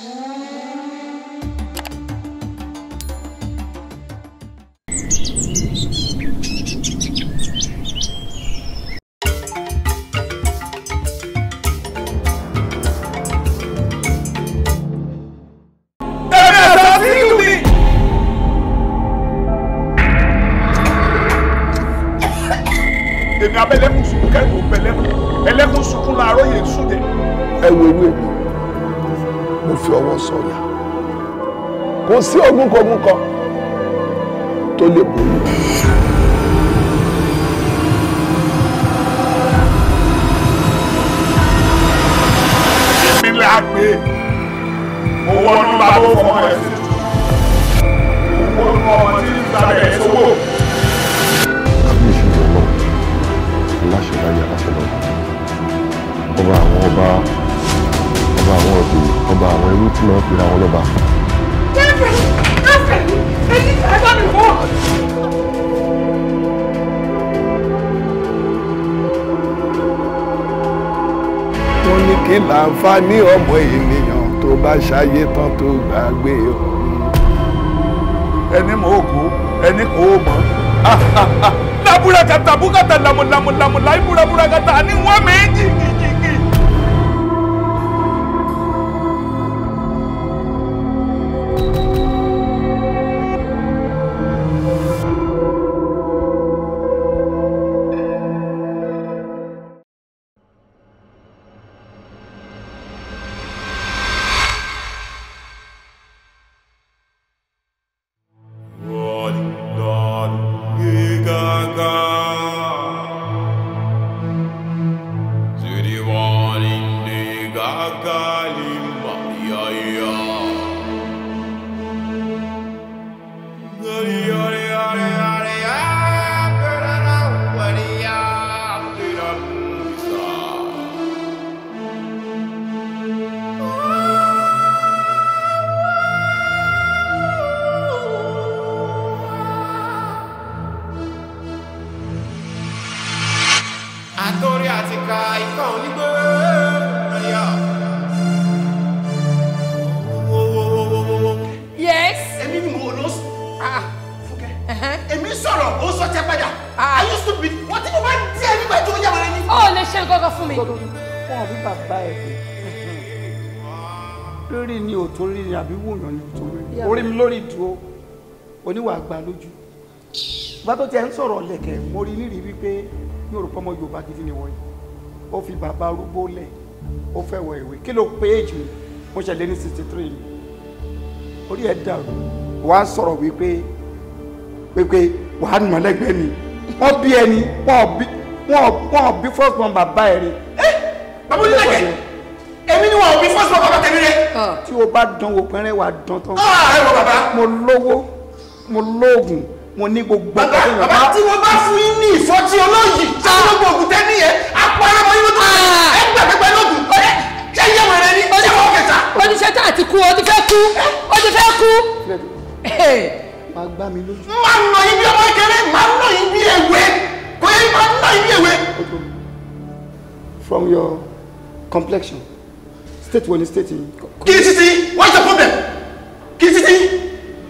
Thank you. sí ogun kogun kan tó lè borí. ní ọmọ ènìyàn tó bá ṣayé tán tó gbàgbé ọ̀run. ẹni mọ̀ òkú ẹni kò mọ̀. lábúra kàtà búkàtà làmùlàmùlàmùlà ìbúra búra kàtà ní wọ́n méjì. àbí bàbá ẹ̀ pé lórí ni ò tó rí ni àbí wòyàn ni ò tó rí orí mi lórí dúró oníwà àgbà lójú bá tó tiẹ̀ ń sọ̀rọ̀ lẹ̀kẹ̀ mo rí nírìí wípé mi ò rò pọ́ ọmọ Yorùbá gidi ni wọ́n yìí ó fi bàbá arúgbó lẹ̀ ó fẹ́ wọ ìwé kí ló pé èjì mi mo ṣẹlẹ̀ ní sixty three mi orí ẹ̀ dàrú wàá sọ̀rọ̀ wípé wípé wàá nà lẹ́gbẹ̀ẹ́ ni wọ́n bí ẹni wọ́n bí first born bàbá ẹ̀ rí ẹ́ bàbá onílẹ̀ kẹ èmi ni wọn ò bí fọ́sùn bàbá tẹ̀mí rẹ. tí o bá dán wo pẹ́rẹ́ wà dán tán. ẹ wọ bàbá. mo lówó mo lóògùn mo ní gbogbo ọkọ bàbá tí wọ́n bá fún yín ní ìfọ́tí olóyìí tí wọ́n gbọ́ ògùn tẹ́ nìyẹn apá ọlọ́mọ yín ló tó ah. ẹ gbàgbẹ́gbẹ́ lóògùn ṣé yẹ wọ̀nyẹn ni ṣé wọ́n kẹta. oníṣẹ́ tá a ti kú o ti fẹ́ kú o ti fẹ́ kú. máa gbá mi lójú. máa nà yín bí ọmọ kéré máa nà yín bí ewé kò yẹ máa nà yín bí ewé. from your complexion state wo ni state yìí. kí ni what's the problem kí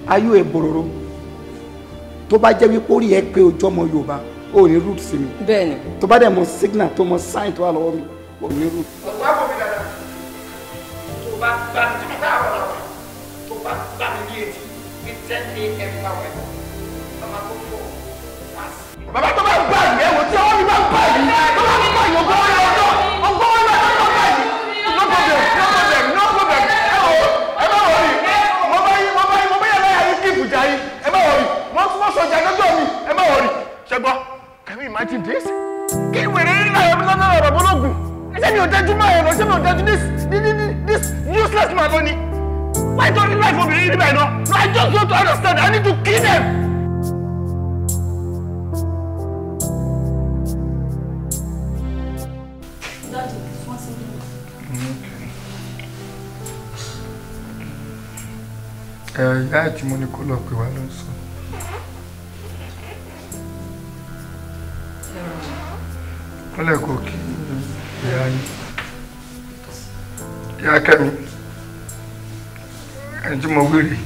Are you a Bororo? bòròrò tó bá jẹ́ wípé orí ẹ pé ojú ọmọ yorùbá ò ní root sí mi. bẹ́ẹ̀ni. tó bá dẹ̀ mọ signal tó mọ sign tó wà lọ́wọ́ mi ò ní root. ọ̀pọ̀ àpò mi dada tó bá bá mi tí mo bá àwọn ọ̀rọ̀ tó bá bá mi ní etí ní ten a.m. power mama tó fọ wá sí. bàbá tó bá gbà yẹ̀wò tí ọwọ́ mi bá gbà yìí tó bá gbà yẹ̀wò bọ́ọ̀rọ̀. ṣẹgbọ́ can you imagine this. kí wèrè ńlá ẹ̀ lọ́nà ọ̀rọ̀ bọ́lọ́gùn ẹsẹ̀ mi ò dájú máa ẹ̀ lọ ṣé mi ò dájú this this useless man lónìí why don't life obìnrin yìí báyìí náà no I just want to understand I need to kill them. ẹ̀yà tí mo ní kó lọ pè wá ló ń sọ. olha kò kí ìyá aí, ìyá e kẹ́mi ẹni tí mo wíri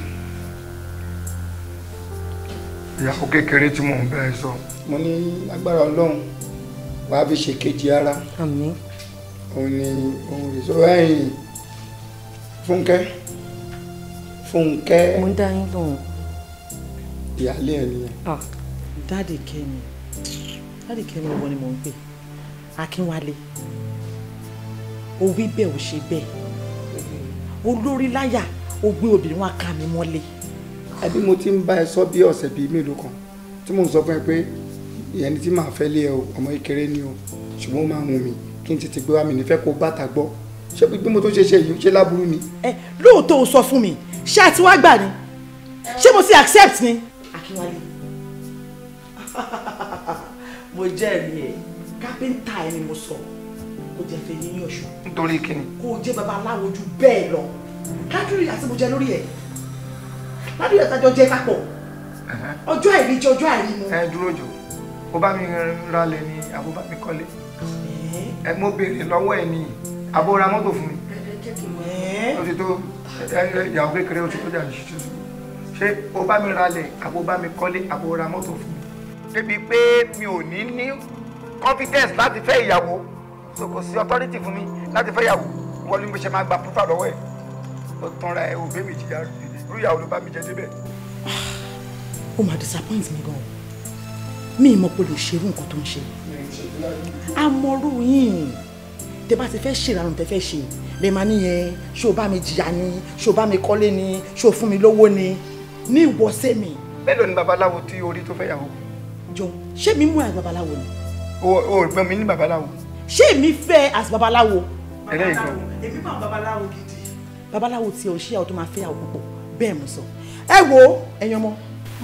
ìyàwó kékeré tí mò te bẹ́ẹ̀ sọ. mo agora agbára ọlọ́run wàá fi ṣe kejì ara àmín òun ni òun rè funke, ẹ̀yìn fúnkẹ́ fúnkẹ́. mo ń dá yín lóhùn. daddy ẹ̀ nìyẹn. Ah, dáàdì kẹ́mi dáàdì kẹ́mi Akínwálé o wí bẹ́ẹ̀ o ṣe bẹ́ẹ̀ olórí láyà o gbé obìnrin wa ká mi mọ́lé. àbí mo ti ń bá ẹ sọ bí ọ̀sẹ̀ bíi mélòó kan tí mò ń sọ fún ẹ pé ẹni tí màá fẹ́ lé ẹ o ọmọ kékeré ni o ṣùgbọ́n ó máa ń wù mí kí n tètè gbé wa mi nífẹ̀ẹ́ kó bàtà gbọ́ ṣé bí mo tó ṣe ṣe yìí ṣe láburú ni. ẹ lóòótọ́ o sọ fún mi ṣé àti wá gbà ni ṣé mo ti accept ni. Akínwálé mo jẹ́ ẹ̀mí ẹ̀ kápẹ́ńtà ẹni mo sọ kò jẹ́ fẹ́ yín ní ọ̀ṣun. nítorí kíni. kò jẹ́ babaláwo ju bẹ́ẹ̀ lọ ládùúrì àti mo jẹ lórí ẹ̀ ládùúrì àtàjọ jẹ papọ̀ ọjọ́ àìrí jẹ ọjọ́ àìrí mu. ẹ dúró jò ó bá mi ralẹ̀ ni àbó bá mi kọ́lé ẹ mo béèrè lọ́wọ́ ẹ ni àbó ra mọ́tò fún mi ó ti tó ìyàwó kékeré ó ti tó jàǹdí ṣíṣe ṣé ó bá mi ralẹ̀ àbó bá mi kọ́lé àbó ra mọ́tò fún mi débi pé mi ò ní ní confidence láti fẹ́ ìyàwó so kò sí authority fún mi láti fẹ́ ìyàwó wọ́n ní mo ṣe máa gba púpà lọ́wọ́ ẹ̀ ó tanra ẹ̀ òbí mi jìyà irú ìyàwó ló bá mi jẹ débẹ̀. ó máa disappoint mi gan-an mi ì mọ̀ pé lè ṣerú nǹkan tó ń ṣe amọ̀rú yìí tẹ bá ti fẹ́ ṣèrànù tẹ fẹ́ ṣe lè máa níyẹn ṣó bá mi jìyà ni ṣó bá mi kọ́lé ni ṣó fún mi lówó ni ní ìwọ́sẹ̀ mi. mélòó ni babaláwo tí orí tó fẹ́ yàwó. jọ ṣé mi mú ẹ babaláwo ni o ò gbọ́n mi ní babaláwo. ṣé èmi fẹ́ as babaláwo. ẹ̀rẹ́ ìgbọ́. èmi máa babaláwo gidi. babaláwo tí o ṣíyàwó tó máa fẹ́ yàwó púpọ̀ bẹ́ẹ̀ mo sọ. ẹ wo ẹ̀yin ọmọ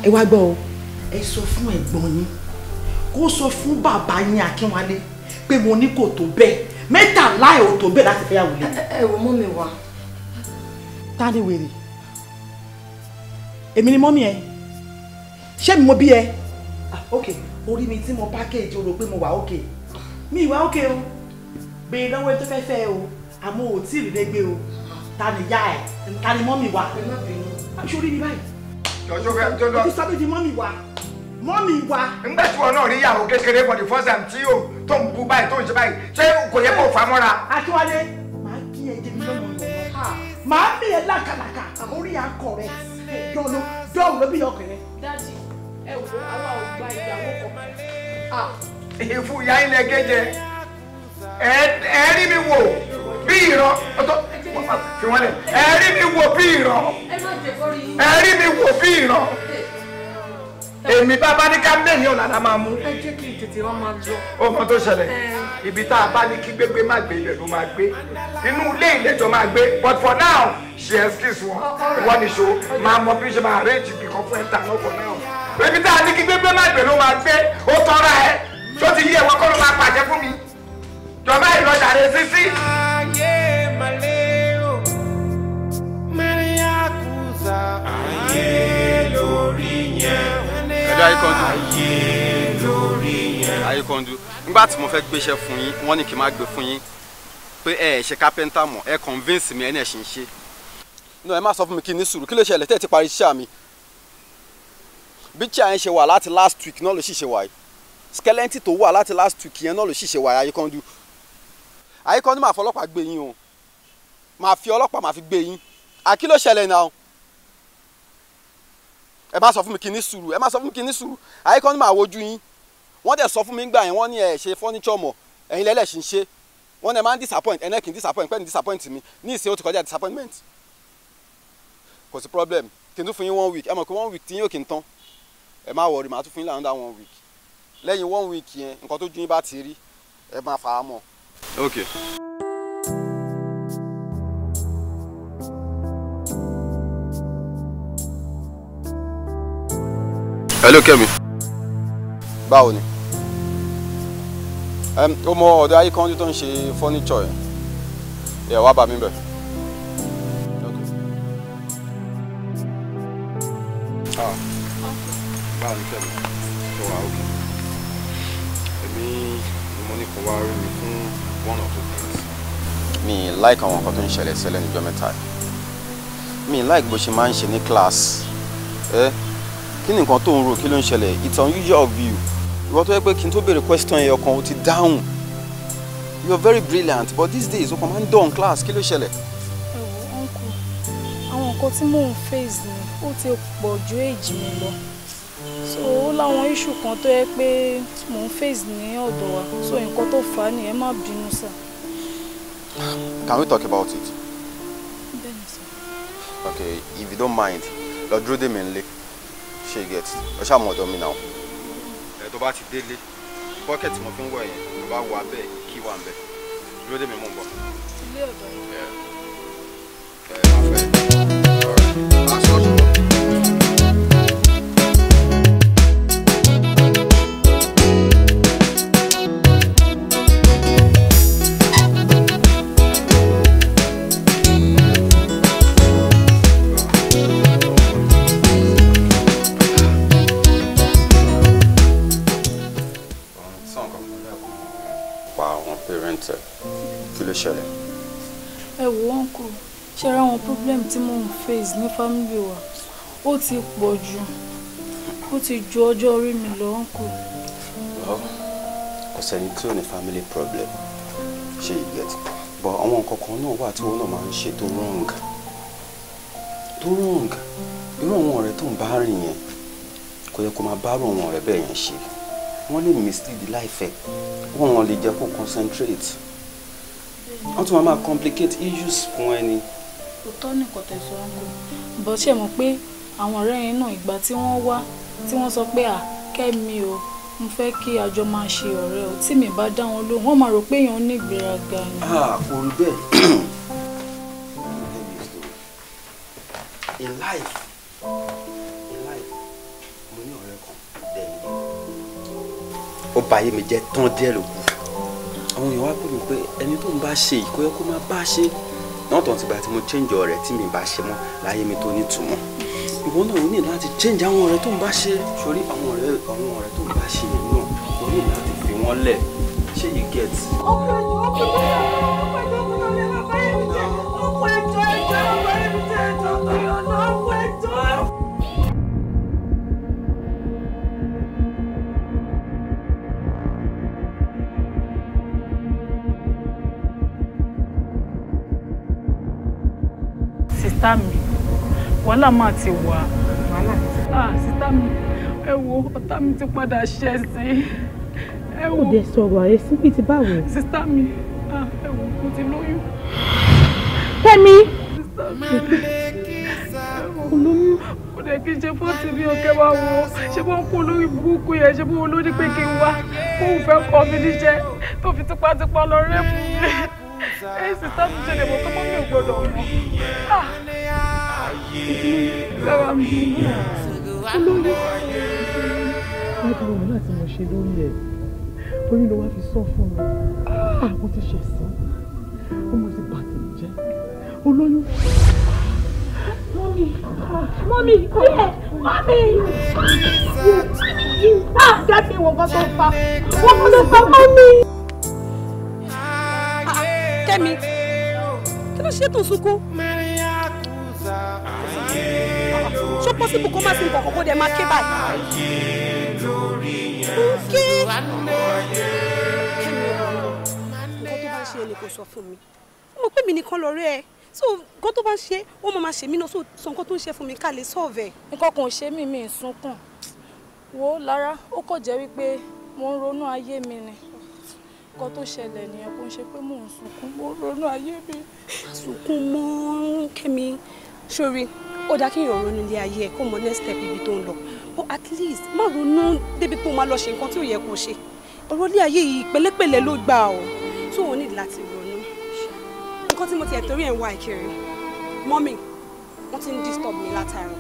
ẹ wá gbọ́ o ẹ sọ fún ẹ̀gbọ́n yín kó sọ fún bàbá yín Akínwálé pé mo ní kò tó bẹ́ẹ̀ mẹ́tàlá ẹ̀ ò tó bẹ́ẹ̀ láti fẹ́ yàwó lé. ẹ wò mọ́ mi wá. ni wèrè èmi ni mọ́mí ẹ ṣé mi mo bí ẹ. ah ok orí mi tí mo package o rò pé mo wà òkè mi ìwà òkè o béèrè lọ́wọ́ ẹni tó fẹ́ fẹ́ o àmọ́ ò tí ì rí lẹ́gbẹ́ o ta ni ya ẹ̀ ta ni mọ́mì wa sórí mi báyìí o ti sábẹ́ di mọ́mì wa mọ́mì wa. nígbà tí wọn náà rí ìyàwó kékeré for the first time tí yóò tó ń bu báyìí tó ń ṣe báyìí ṣé kò yẹ kó fà á mọ́ra. akíwálé màá kí ẹ jẹbi lọ́nà ọ̀nà màá bí ẹ lákàlàkà àmórí akọ rẹ dọ́ọ̀lù dọ́ọ̀lù ló bí ọkọ rẹ. dájú ẹ wò àwa ò gba ìyàwó kan. Ah, ìfú ìyá ilẹ̀ gẹ́jẹ ẹ rí mi wò bí ìran fi wọ́n lẹ̀ ẹ rí mi wò bí ìran ẹ rí mi wò bí ìran èmi bàbá ní ká mẹ́rin ọ̀la la máa mú. ẹ jẹ́ kí n tètè wá máa lọ. ohun tó ṣẹlẹ̀ ibi tá a bá ní kí gbégbé má gbé ilẹ̀ ló máa gbé inú ilé ìlẹ́jọ́ máa gbé but for now she excuse wọn ìwọ nìṣó máa mọ bí ṣe máa arrange bí kan fún ẹ̀ta náà for now èmi tá a ní kí gbégbé má gbé ló máa gbé ó tọ́ra ẹ tó ti yí ẹ̀wọ̀n kọ́ ló máa pàṣẹ fún mi jọba ìlọjà rẹ sísí. ayé lórí yẹn. ẹ̀dá ayé lórí yẹn. ayé kọ̀ndù nígbà tí mo fẹ́ gbéṣẹ́ fún yín wọ́n ní kí n má gbé fún yín pé ẹ ṣe kápẹ́ńtà mọ̀ ẹ convince mi ẹ ní ẹ̀ ṣì ń ṣe. ẹ má sọ fún mi kí n ní sùúrù kí ló ṣẹlẹ̀ tẹ́ ẹ ti parí iṣẹ́ mi bí chair yẹn ṣe wà láti last week náà ló sì ṣe wà yìí skeleton tó wà láti last week yẹn náà ló sì ṣe wà yìí Ayékánjú Ayékánjú máa fọ ọlọ́pàá gbé yín o máa fi ọlọ́pàá máa fi gbé yín àkí ló ṣẹlẹ̀ náà ẹ má sọ fún mi kí ní sùúrù ẹ má sọ fún mi kí ní sùúrù Ayékánjú máa wojú yín wọ́n dẹ̀ sọ fún mi gbà yẹn wọ́n ní ẹ̀ ṣe fọ́níṣọ̀ mọ̀ ẹ̀yin lẹ́lẹ̀ ṣì ń ṣe wọ́n dẹ̀ máa ń disappoint ẹ̀nẹ́ kì disappoint pẹ́ẹ́ni disappoint mi ní ìsìn ó ti kọjá disappointment kò sí problem kí n tún fún one week ẹ mọ̀ one week tí yín ò kì í ẹ má wọrí màá tún fún yín láwọn dá one week lẹ́yìn one week yẹn nǹkan tó ju yín bá ti rí ẹ máa fà á mọ́. okay. hello Kẹ́mi. báwo ni ó mọ ọ̀dọ̀ ayé kan tó ń ṣe fọ́níṣọ̀ ẹ̀ ẹ̀ wá bá mi bẹ̀. ah báwo ni kẹ́mi tó wà òkè èmi ni mo ní kó wá rí mi fún one or two things. mi like àwọn nǹkan tó ń ṣẹlẹ̀ ṣẹlẹ̀ níjọ́ mẹ́ta mi like bó ṣe máa ń ṣe ní class ẹ eh? kí ni nǹkan tó ń ro kí ló ń ṣẹlẹ̀ it's unusual view. you ìwọ tó yẹ pé kí n tó béèrè question ẹyọ kan o ti dáhùn you are very brilliant but these days o kàn máa ń dán class kí ló ṣẹlẹ̀ nǹkan tí mò ń face ni ó ti pọ̀ ju èjì mi lọ so láwọn iṣu kan tó yẹ pé mò ń face ní ọ̀dọ̀ wa so nǹkan tó fà á nìyẹn má bínú sà. Can we talk about it? bẹ́ẹ̀ni sà. Okay, if you don't mind lọ dúró dè mí nílé ṣe é get ọ ṣáà mọ ọ̀dọ̀ mi náà. ẹ tó bá ti délé bọ́kẹ̀tì mo fi ń wọ̀ yẹn tó bá wà bẹ́ẹ̀ kí wà ń bẹ́ẹ̀ dúró dè mí mú un bọ̀. ilé ọ̀dọ̀ yìí. ẹ ẹ máa fẹ́ face ní fámìlì wa ó ti pọ̀ jù ó ti ju ọjọ́ orí mi lọ ńkù. kò sẹ́ni tí ò ní family problem ṣe you get but àwọn nǹkan kan náà wà tí wọ́n náà máa ń ṣe tó wrong tó wrong irú àwọn ọ̀rẹ́ tó ń bá rìn yẹn kò yẹ kó máa bá rò àwọn ọ̀rẹ́ bẹ́ẹ̀ yẹn ṣe wọ́n lè mislead láìfẹ́ wọ́n lè jẹ́ kó concentrate wọ́n tún máa máa complicate issues fún ẹni òótọ́ nìkan tẹ̀sán ọ̀gọ̀ bọ́ ṣe mọ̀ pé àwọn ọ̀rẹ́ yẹn náà ìgbà tí wọ́n wá tí wọ́n sọ pé à o mo fẹ́ kí àjọ máa ṣe ọ̀rẹ́ o tí mi bá dá wọn lóhùn wọ́n máa rò pé èèyàn ní ìgbéraga ni. kò rí bẹ́ẹ̀ in life in life mo ní ọ̀rẹ́ kan dẹ̀yìn ó bà ayé mi jẹ́ tán díẹ̀ ló kù àwọn èèyàn wá pè mí pé ẹni tó ń bá ṣe ìkọ́yọ́ kó máa bá ṣe náà tó ti gbà tí mo change ọ̀rẹ́ tí mi bá ṣe mọ́ láyé mi tó nítumọ̀ ìwọ náà ò ní láti change àwọn ọ̀rẹ́ tó ń bá ṣe sórí àwọn ọ̀rẹ́ àwọn ọ̀rẹ́ tó ń bá ṣe yẹn náà ò ní láti fi wọ́n lẹ̀ ṣé you get. ọkọ ẹjọ ọkọ ẹjọ ọkọ ẹjọ ọkọ ẹjọ ọkọ ẹjọ ọkọ ẹjọ ọkọ ẹjọ sítá mi wàhálà máa ti wà. wàhálà ti wà. Ah, sítá mi ẹ wo ọ̀tá mi ti padà ṣẹ́ sí i. ẹ wo òde sọ̀rọ̀ ààrẹ síbi ti báwo. sítá mi ah, ẹ wo mo ti lóyún. Fẹ́mi. sítá mi olóyún kò dẹ̀ kí n ṣe fọ́ọ̀tì bí ọkẹ́ wa wo ṣé wọ́n kú olórí burúkú yẹn ṣé wọ́n olórí pé kí n wá kó o fẹ́ kọ́ mi níṣẹ́ tó fi tipátipá lọ rẹ́pù mi. ẹ sì sáà ṣe lè mọ̀ tó mọ́ mi gbọ́dọ̀ mọ́. Ah! olóyè láti wò láti mọ̀ ṣe lórí ẹ̀ oyún ló wá fi sọ fún mi àwọn ti ṣẹ̀ sí ọmọ ti bà jẹ́ olóyún. mọ́mí mọ́mí yẹ mọ́mí yìí ah dábì wọn kọ́ tó fa wọn kọ́ tó fa mọ́mí. kẹ́mi kí ló ṣe tó sunkún. ṣó pọ́sibù kó má sí nǹkan kókó dẹ̀ máa ké báyìí. nké. nǹkan tó bá ń ṣe ẹni kò sọ fún mi mo pè mí nìkan lọ́rẹ́ ẹ so nǹkan tó bá ń ṣe ó máa máa ṣe mí náà so sọ tó ń ṣe fún mi ká lè sọ̀vẹ̀. nǹkan kan ò ṣe mí mi ì wo lára ó kò jẹ́ wípé mo ń ronú ayé mi ni nǹkan tó ṣẹlẹ̀ nìyẹn kò ń ṣe pé mò ń sunkún mo ń ronú ayé mi. sunkún mọ́ kẹ́mi sórí ó dáa kéèyàn ronú ilé ayé ẹ kó mọ next step ibi tó ń lọ but at least má ronú débi pé o máa lọ ṣe nǹkan tí ò yẹ kó ṣe ọ̀rọ̀ ilé ayé yìí pẹ̀lẹ́pẹ̀lẹ́ ló gbà ọ́ tó o ní láti ronú nǹkan tí mo ti ẹ̀ torí ẹ̀ ń wá ìkiri mọ́mì wọ́n ti ń disturb mi látara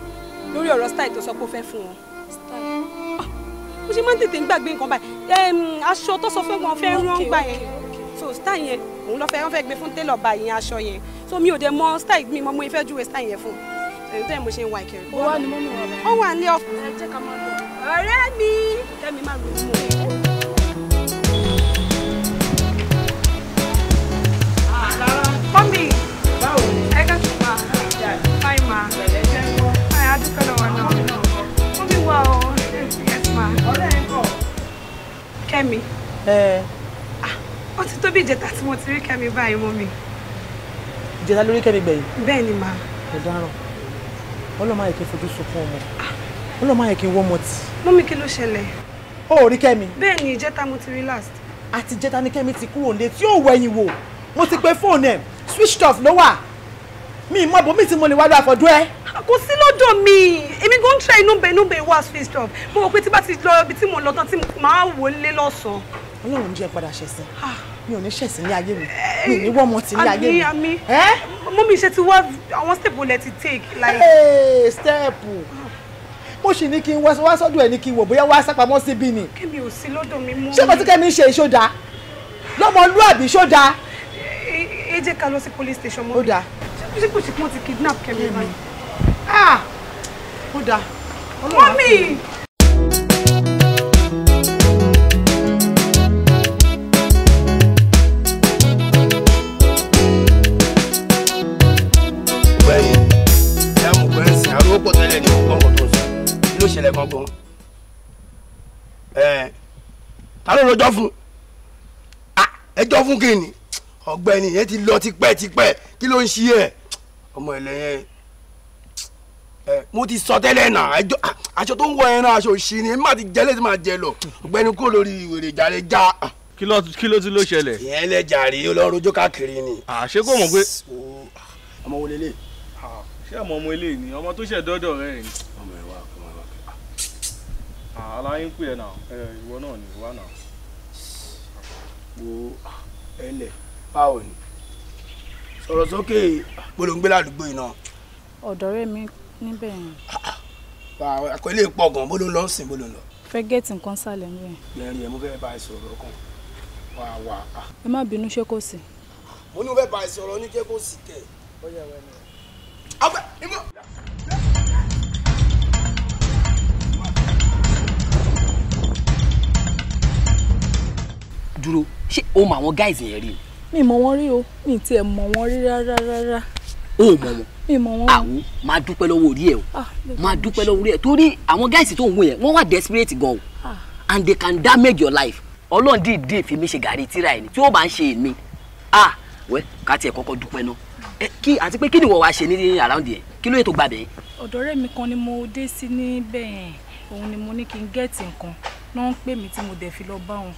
lórí ọ̀rọ̀ style tó sọ pé ó fẹ́ fún wọn. Ah, mo ṣe máa ń tètè ń gbàgbé nǹkan báyìí aṣọ tó sọ fẹ́ wọn fẹ́ rán gbà yẹn so style yẹn òun lọ fẹ́ wọ́n fẹ́ gbé fún télọ̀ báyìí aṣọ yẹn so mi ò dẹ̀ mọ style mi mọ mo fẹ́ júwe style yẹn fún ẹ̀yìn tó mo ṣe ń wá ìkẹrẹ. ó wà ní mọ́mí wa báyìí. ó wà ní ọkùn. ẹ ká máa lọ. ọ̀rẹ́ mi kẹ́mi máa lò ó mú un. mọ́mí báwo fáì máa bẹ̀rẹ̀ jẹ́ náà mọ́mí wà ó yes ma. ọ̀rẹ́ ẹ̀ ẹ. Ah, ó ti tó ìjẹta tí mo ti rí kẹ́mi báyìí mọ́mí ìjẹta lórí kẹ́mi gbẹ̀yìn. bẹ́ẹ̀ ni màá. kò dáràn ọlọ́mọ ayẹ̀kẹ́ fojú sunkún ọmọ ọlọ́mọ ayẹ̀kẹ́ wọ́n mọ tì. mọ́mí kí ló ṣẹlẹ̀. ó rí kẹ́mi. bẹ́ẹ̀ ni ìjẹta mo ti rí last. àti ìjẹta ni kẹ́mi ti kúrò nílé tí yóò wẹ̀yìn wò mo ti pe fóònù ẹ̀ switched off ló wà mi mọ bomi tí mo lè wá lọ àfọ̀dún ẹ. kò sí lọ́dọ̀ mi èmi gan tẹ inú bẹ inú bẹ wá switched off mo rò pé tí bá ti lọ ibi tí mo lọ tán tí màá wọlé lọ́sàn-án. ọlọ́run jẹ́ padà ṣẹ̀sìn ah mi ò ní ṣẹ̀sìn ní ayé mi mi ò ní wọ́n mọ ti ní ayé mi. àmì àmì mú mi ṣe ti wá àwọn step lẹ ti take like. ee step mo sì ní kí n wá sọ́dọ̀ ẹ̀ ní kí n wò bóyá wá sápamọ́ síbí ni. kẹ́mi ò sí lọ́dọ̀ mi mú mi. ṣé kọ́tí kẹ́mi ń ṣe ìṣódà lọ́mọlúàbí ìṣódà. ẹ jẹ́ ká lọ sí police station mọ́. ó dáa. ṣé kò sí kí wọ́n ti kidnap kẹ́mi báyìí. ah ó dáa. mọ́mì. ṣẹlẹ̀ gangan ẹ ta ló rojọ́ fún ẹjọ́ fún kí ni ọ̀gbẹ́ni yẹn ti lọ tipẹ́tipẹ́ kí ló ń ṣe ẹ ọmọ ilẹ̀ yẹn ẹ mo ti sọ tẹ́lẹ̀ náà ẹjọ́ aṣọ tó ń wọ ẹran aṣọ òṣì ni èmi máa ti jẹ létí máa jẹ lọ ọ̀gbẹ́ni kúrò lórí ìwèrè ìjàre já. kí ló kí ló ti ló ṣẹlẹ̀. ìyẹn lẹ́jà rí ọlọ́run ojú káàkiri ni. àṣé kò mọ̀ pé. ọmọ wo lélẹ̀. ṣé àmọ́ ọmọ eléyìí ni ọmọ tó ṣẹ̀ dọ́dọ̀ rẹ̀ ni. Ah, aláyé ń pè ẹ́ náà ìwọ náà ni wà náà. wo ẹlẹ̀ báwo ni sọ̀rọ̀ sókè polongbé ládùúgbò yìí náà. ọ̀dọ̀ rẹ̀ mi níbẹ̀ yẹn. àkọlé pọ̀ gan bó ló ń lọ sìn bó ló ń lọ. fẹ́ gẹ̀ẹ́tì nǹkan sálẹ̀ ń bẹ̀. bẹ́ẹ̀ni ẹ mo fẹ́ bá ẹ sọ̀rọ̀ kan wà wà. ẹ má bínú ṣé kò sí. mo ní mo fẹ́ bá ẹ sọ̀rọ̀ ní ṣé kò sí tẹ̀. ó yẹ wẹ́n ni. ọgbẹ́ ìmọ̀. dúró ṣé o mọ àwọn guys yẹn rí ni. mi mọ wọn rí o mi tiẹ̀ mọ wọn rí rárá rárá. o mọ wọn mi mọ wọn. àwo máa dúpẹ́ lọ́wọ́ orí ẹ̀ o ah, máa dúpẹ́ lọ́wọ́ orí ẹ̀ torí àwọn guys tó ń wọ yẹn wọ́n wà desperate gan o ah. and they can damage your life ọlọ́run dìde fi mi ṣe gàrí tíra ẹ̀ ni tí ó bá ń ṣe èmi ah wẹ́ ká tiẹ̀ kọ́kọ́ dúpẹ́ náà eh, kí àti pé kí ni wọ́n wá ṣe ní around yẹn kí ló yẹ tó gbàgbé. ọ̀dọ̀ rẹ̀ mi kan ni mo dé sí ní bẹ́ẹ̀ òun ni mo ní kí n gẹ́ẹ̀tì nǹkan náà ń pè mí tí mo dẹ̀ fi lọ bá wọn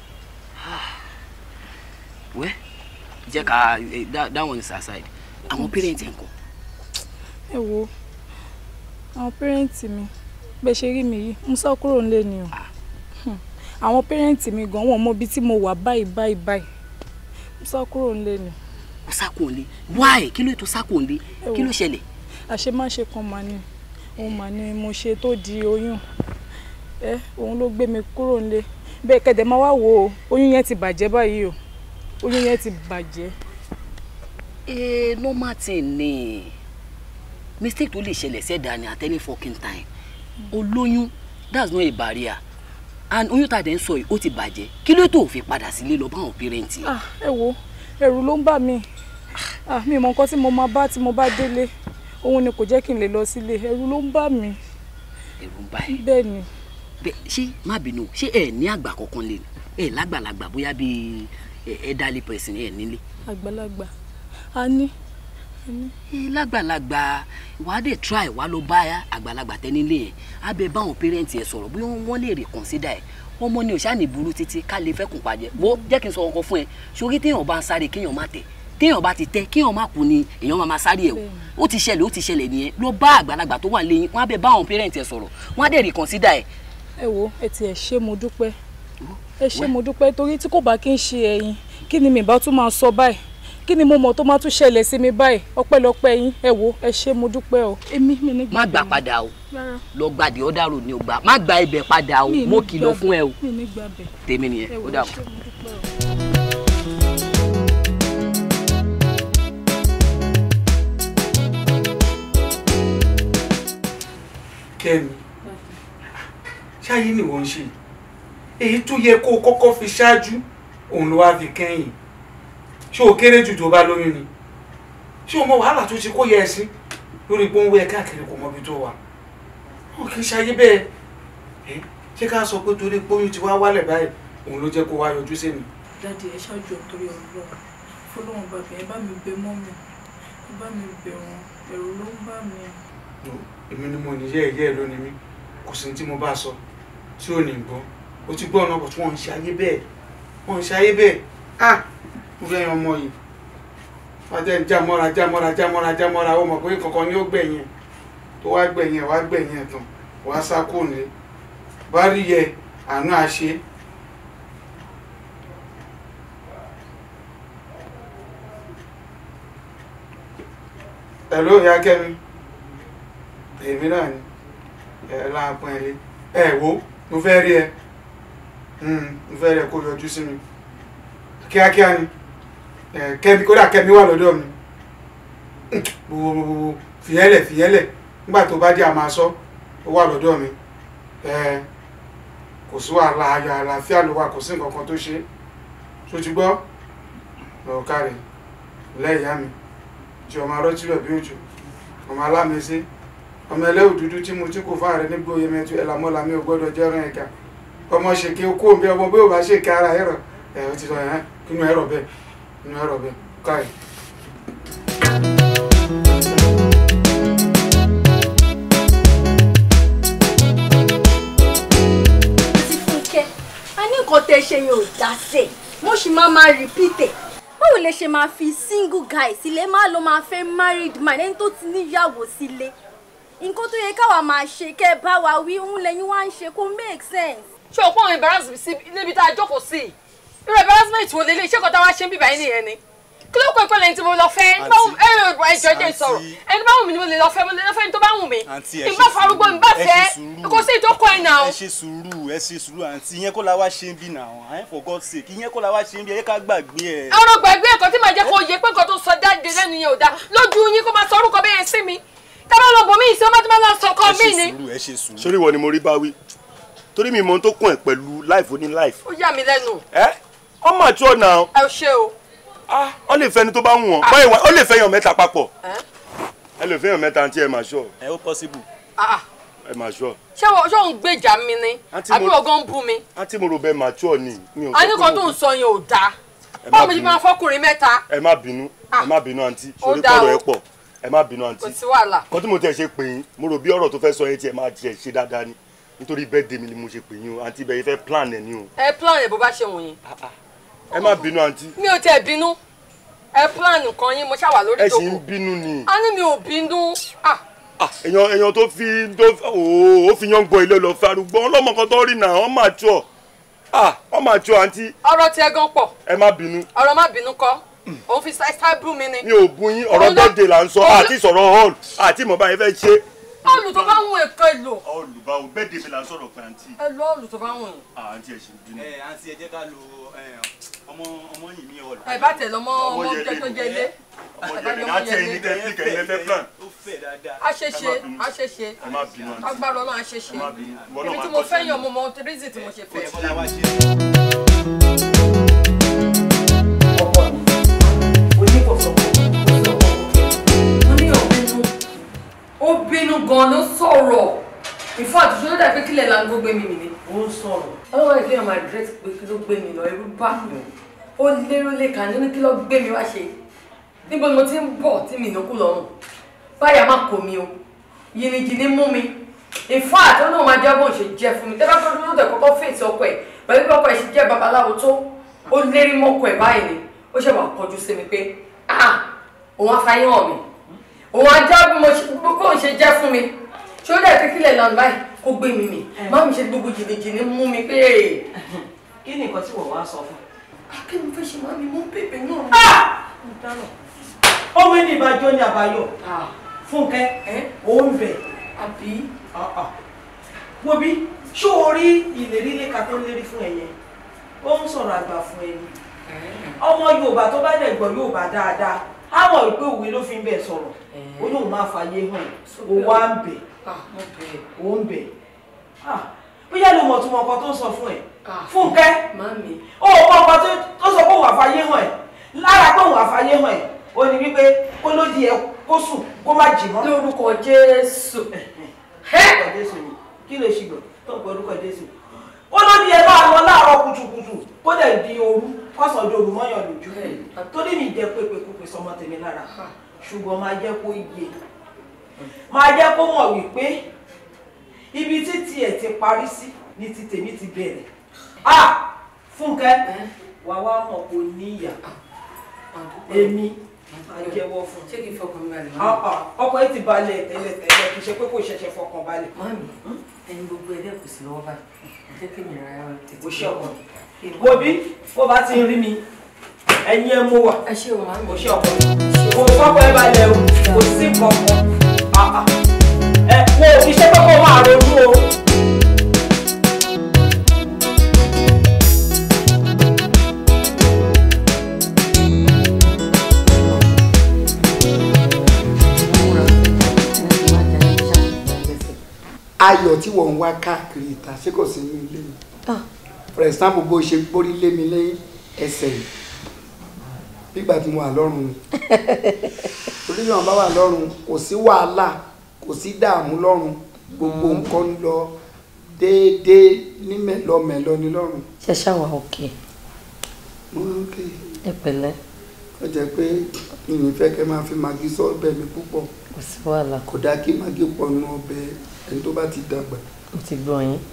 Where? Jack, ká eh, that one is aside I'm pẹ́rẹ́ǹtì ńkọ́. ẹ wo àwọn pẹ́rẹ́ǹtì mi bẹ́ẹ̀ ṣe rí mi yìí mo sọ kúrò nílé ni o ah. hmm. àwọn pẹ́rẹ́ǹtì mi gan wọn mọ more tí mo bye bye. báyìí báyìí mo sọ kúrò nílé ni. why kí ló ètò sá kúrò nílé kí ló ṣẹlẹ̀. àṣemáṣe kan màá ní òun màá ní mo ṣe tó di oyún be me ló gbé mi bẹ́ẹ̀ kẹ́dẹ̀ máa wá wo oyún yẹn ti bàjẹ́ báyìí o oyún yẹn ti bàjẹ́. ee normal thing ni mistake tó lè ṣẹlẹ̀ sẹ́dá ni at any fucking time olóyún that's not a barrier and oyún tàdé ń sọ yìí ó ti bàjẹ́ kí ló tó fi padà sílé lọ báwọn pẹrẹntì. Ah, ẹ wo ẹ̀rù ló ń bà mí ah, mi mọ nǹkan tí mo máa bá tí mo bá délé òun ni kò jẹ́ kí n lè lọ sílé ẹ̀rù ló ń bà mí. ẹ̀rù ń bà ẹ́ bẹ́ẹ̀ ni ṣé má bínú ṣé ẹ ní àgbà kankan lè ẹ lágbàlagbà bóyá bíi elderly person ẹ nílé. àgbàlagbà a ní. lágbàlagbà wàá dé try wàá lọ bá àgbàlagbà tẹ nílé yẹn abẹ báwọn parents ẹ sọ̀rọ̀ bóyá wọn lè reconsider ẹ ọmọ ni òṣà ní burú títí ká lè fẹ́ kùn pàjẹ́ wo jẹ́ kí n sọ ọkọ fún ẹ sórí téèyàn bá ń sáré kéèyàn má tẹ̀ téèyàn bá ti tẹ kéèyàn má kú ni èèyàn máa ma sáré ẹ o ó ti ṣẹlẹ̀ ó ti ṣẹlẹ̀ nìyẹn ló bá àgbàlagbà tó wà lẹ́yìn wọn á bẹ bá àwọn parents ẹ sọ̀rọ̀ wọn á dẹ̀ reconsider ẹ ẹ wo ẹ ti ẹ ṣé mo dúpẹ́ ẹ ṣé mo dúpẹ́ torí tí kò bá kí n ṣe ẹ̀yin kí ni mi bá tún máa sọ báyìí kí ni mo mọ̀ tó máa tún ṣẹlẹ̀ sí mi báyìí ọpẹ́lọpẹ́ yín ẹ wo ẹ ṣé mo dúpẹ́ o èmi mi ní. má gbà padà o lọ gbàdé ọ̀dà rò ní o gbà má gba ibẹ̀ padà o mo kìlọ̀ fún ẹ o tèmi nìyẹn ó dà kù. kẹ́mi ṣáyé ni wọ́n ń ṣe èyí tó yẹ kó o kọ́kọ́ fi ṣáájú òun ló wá fi kẹ́yìn ṣé o kéré jù tó bá lóyún ni ṣé o mọ wàhálà tó ṣe kó yẹ ẹ sí lórí gbóngbó ẹ káàkiri kò mọbi tó wà ó kì í ṣayé bẹ́ẹ̀ ẹ ṣé ká sọ pé torí gbóyún ti wá wálẹ̀ báyìí òun ló jẹ́ kó wá yọjú sí mi. dáàdi ẹ ṣáájú ọ̀tọ́rí ọlọ́run fọlọ́run bàbá ẹ bá mi bẹ mọ́ mi ẹ bá mi bẹ wọn ẹ̀rù ló ń bá mi. èmi ni mo níyẹ́ ẹ̀yẹ́ lónìí mi kò sí ní tí mo bá sọ. So. tí o ní gbọ́ ó ti gbọ́ ọ̀nà ọkọ̀ tí wọ́n ń ṣe ayé bẹ́ẹ̀ wọ́n ń ṣe ayé bẹ́ẹ̀ ah! mo fẹ́ yan ọmọ yìí fàjẹ́ jámọ́ra jamọ́ra jamọ́ra jámọ́ra ó mọ̀ pé kankan ni ó gbẹ̀yìn tó wá gbẹ̀yìn wá gbẹ̀yìn ẹ̀tàn wá sá kò ní bá rí yẹ àánú àṣe ẹ̀rọ ìyá kẹ́mi ni ẹ̀ láàpọ̀ ẹ̀ wò mo fẹ́ rí ẹ hmm, mo fẹ́ rí ẹ kó yọjú sí mi kíákíá ni eh, kẹ́mi kódà kẹ́mi wà lọ́dọ̀ mi gbogbo fìyẹ́lẹ̀ fìyẹ́lẹ̀ nígbà tó bá dé a máa sọ ó wà lọ́dọ̀ mi eh, kò sí wàhálà ayọ̀ àlàáfíà ló wà kò sí nǹkan kan tó ṣe tó ti gbọ́ lọ́ọ̀ká rẹ̀ lẹ́yìn ìyá mi jẹ́ ọmọ arọ́tí rẹ̀ bí òjò ọmọ alámẹ́sẹ́ ọmọ ẹlẹ́wù dúdú tí mo ti kò fún ààrẹ nígbò yẹmẹ tu ẹ̀ làmọ́ làmí ò gbọ́dọ̀ jẹ́ ọ̀rọ̀ ẹ̀ka ọmọ ṣèké kó o bí ọmọ bí o bá ṣèké ara ẹ̀rọ ẹ̀ ọ ti sọ ẹ̀ inú ẹ̀rọ bẹ́ẹ̀ inú ẹ̀rọ bẹ́ẹ̀ káyì. ti fúnkẹ́ a ní nǹkan tẹ́ ṣe yẹn ò dá sẹ́ mo sì máa máa rìpítẹ̀ báwo lẹ ṣe máa fi single guy sílẹ̀ máa lọ máa fẹ́ married man ẹni tó ti níyàwó sílé nǹkan tó yẹ káwa máa ṣe kẹ́ bá wa wí ń lẹ́yìn wá ń ṣe kó make sense. ṣé o pọ́n embarrass mi sí níbi tá a jókòó sí i irú embarrassment wo lélẹ̀ iṣẹ́ kan tá a wá ṣe ń bíbá yín nìyẹn ni kí ló kọ́ ẹ̀kọ́ lẹ́yìn tí mo lọ fẹ́ ẹjọ́ jẹ́ ìsọ̀rọ̀ ẹni bá wù mí ni mo lè lọ fẹ́ mo lè lọ fẹ́ ẹni tó bá wù mí n bá farúgbó n bá fẹ́ kò sí ìjókòó ẹ̀ náà. ẹ ṣe sùúrù ẹ ṣe sùúrù àǹtí ìyẹn kó la wá ṣe ń bí náà ẹ for God's sake ìyẹn kó la wá ṣe ń bí ẹ ká gbàgbé ẹ. ọ̀rọ̀ gbàgbé ẹ̀kọ́ tí màá jẹ́ kó yẹ pé nǹkan tó sọ jáde lẹ́nu yẹn ò dáa lójú yín kó máa sọ orúkọ bẹ́ẹ̀ sí mi tábà lọ bọ̀ mí ìṣe ọmọ tí máa ń sọ ọkọ mi ni. ẹ ṣe sùúrù ẹ ṣe sùúrù sórí ìwọ ni mo rí bá wí torí mi mọ tó kún ẹ pẹ̀lú life oní life. ó yà mí lẹ́nu. ẹ ọ mà tí ọ nà ọ. ẹ ṣe o. ọ ah, lè fẹni tó bá wù wọn ah. báyìí wá ọ lè fẹyàn mẹ́ta papọ̀ ẹ lè fẹyàn mẹ́ta àti ẹ mà ṣọ. ẹ ó possible. Ah, ẹ mà ṣọ. ṣé o ṣé o ń gbèjà mi ni àbí ọgọ́ ń bú mi. àti mo rò bẹ́ẹ̀ mà tí ọ ni. àníkan tó ń sọ yẹn ò dáa báwo ni mo máa fọkùnrin mẹ́ta. ẹ má bínú ẹ má bínú àǹtí ṣorí kọ̀rọ̀ ẹ má bínú àǹtí kò sí wàhálà kan tí mo tẹ̀ ṣe pè yín mo rò bí ọ̀rọ̀ tó fẹ́ sọ yẹn tiẹ̀ máa tiẹ̀ ṣe dáadáa ni nítorí birthday mi ni mo ṣe pè yín o àǹtí ibẹ̀ yìí fẹ́ plan ẹ̀ ni o. ẹ plan ẹ bó bá ṣe wọ̀nyí. Ah, ah. ẹ má bínú àǹtí. mi ò tẹ̀ bínú ẹ plan kan yín mo ṣàwà lórí ìdókòwò ẹ sì ń bínú ni. a ní mi ò bínú. Ah. èèyàn èèyàn tó fi ó fi yan gbọ ilé lọ fi arúgbó ọlọ́mọ kan tó rí náà wọ́n máa tù ọ́ wọ́n máa tù ọ́ àǹtí. ọ̀rọ̀ tiẹ̀ gan pọ̀. ẹ má bínú. ọ̀rọ̀ má bínú kọ́ òun fi ṣáìṣá bú mi ni. mi ò bu yín ọ̀rọ̀ bọ́dẹ̀ là ń sọ àti sọ̀rọ̀ hall àti mọ̀ọ́bá yẹn fẹ́ ṣe. ọ̀lù ń wọ èkó èlò. ọ̀lù bá wọ bẹ́ẹ̀ dèbè là ń sọ̀rọ̀ pé àǹtí. ẹ lọ ọ̀lù ń wọ yìí. àǹtí ẹ ṣe ń dunu. ẹ àǹtí ẹ jẹ́ ká lo ọmọ ọmọ yìí ní ọ̀lù. ẹ bá tẹ̀ lọ mọ́ ọmọ jẹ́ tó jẹ ilé. ọmọ àti ẹyin tẹ fi ó bínú gan ló sọ̀rọ̀ ìfọ́ àtúnṣe ló dàbí kílẹ̀ la ń gbó gbé mi nìyí. ó ń sọ̀rọ̀. ọlọ́wọ́ ìdí ọmọ àdírẹ́sì pé kí ló gbé mi lọ ẹrú bá mi ó lérò lè kà nínú kí ló gbé mi wá ṣe níbo ni mo ti ń bọ̀ tí mi ìnákú lọ́rùn báyà má kò mi o yìnyín mú mi ìfọ́ àtọ́ náà máa jábọ̀ ṣe jẹ́ fún mi tẹ́lá tó dúró tẹ̀ kọ́kọ́ fèsì ọkọ ẹ̀ pẹ̀lú bí ọkọ ẹ̀ ṣe jẹ́ babaláwo tó ó lérí mọ́kọ ẹ̀ báyìí ni ó ṣe wà kọjú sí mi pé ah òun afáyé hàn mi òun ajá bí mo ṣe gbogbo òun ṣe jẹ́ fún mi ṣó dẹ̀ kékeré lọ́nà báyìí kó gbé mi mì má mi ṣe gbogbo jìnnìjìnnì mú mi pé. kí ni nǹkan tí wọ́n wá sọ fún. akéwì ah, fẹ́ ṣe máa mi mú pèpè náà. Ah! ọmọ ẹni ìbàjọ́ ni àbáyọ ah. fúnkẹ́ òun bẹ̀. àbí. wo bí ṣó o rí ìlérí léka tó lérí fún ẹ̀yẹ ó ń sọ̀rọ̀ àgbà fún ẹni ọmọ Yorùbá tó bá dẹ̀ gbọ́ Yorùbá dáadáa á mọ̀ wípé òwe ló fi ń bẹ̀ sọ̀rọ̀ ó lóun máa fàyè hàn ó wá ń bẹ̀ ó ń bẹ̀ bóyá ló mọ̀ túmọ̀ ọkọ tó ń sọ fún ẹ̀ fúnkẹ́ ó mọ ọkọ tó sọ pé òun àfàyè hàn ẹ̀ lára pé òun àfàyè hàn ẹ̀ ó ní wípé kó ló di ẹ kó sùn kó má jì mọ́. lórúkọ Jésù. kí ló ṣe gbọ̀ tó ń pọ̀ lórúkọ Jésù ó ló ní ẹ máa lọ láàárọ̀ kùtùkùtù kó dẹ̀ di òru kọ́sàndó òru mọ́yàn lójú tó ní mi jẹ́ pépé kúpe sọmọ tèmi lára ṣùgbọ́n máa jẹ́ kó yé máa jẹ́ kó mọ̀ wípé ibi tí tiẹ̀ ti parí sí ni ti tèmi ti bẹ̀rẹ̀ ah fúnkẹ́ wàá wá mọ̀ kó níyà èmi àjẹwọ́ fún. ṣé kì í fọkàn balẹ̀ mọ́. ọkọ̀ ẹ ti balẹ̀ tẹ́lẹ̀ tẹ́lẹ̀ kì í ṣe pé kò ṣẹ̀ṣẹ̀ fọkàn balẹ̀. mọ́mí ẹni gbogbo ẹ̀dẹ́ kò sí lọ́wọ́ báyìí jẹ́ kí mi rárá tètè. òṣè ọkọ wo bí bó bá ti rí mi ẹyin ẹ mú wà. ẹ ṣe o máa ń bọ̀. òṣè ọkọ kò fọkàn ẹ balẹ̀ o kò sí kankan ẹ wo iṣẹ́ kọ́kọ́ máa ronú o. ayọ̀ tí wọ́n ń wá káàkiri ìta ṣé kò sí inú ilé mi ah. for example bó ṣe gbórí lé mi lé ẹsẹ̀ yìí nígbà tí mo wà lọ́rùn oníyàn bá wà lọ́rùn kò sí wàhálà kò sí dààmú lọ́rùn gbogbo mm. nǹkan lọ déédéé ní mẹ́lọmẹ́lọ ní lọ́rùn. ṣẹṣẹ wa òkè. òkè. ẹ pẹ̀lẹ́. ó jẹ́ pé mi ò fẹ́ kẹ́ máa fi magi sọ ọbẹ̀ mi púpọ̀. kò sí wàhálà. kò dáa kí magi pọ̀ nù ọbẹ̀ ẹni tó bá ti dàgbà. o ti gbọ́ yín.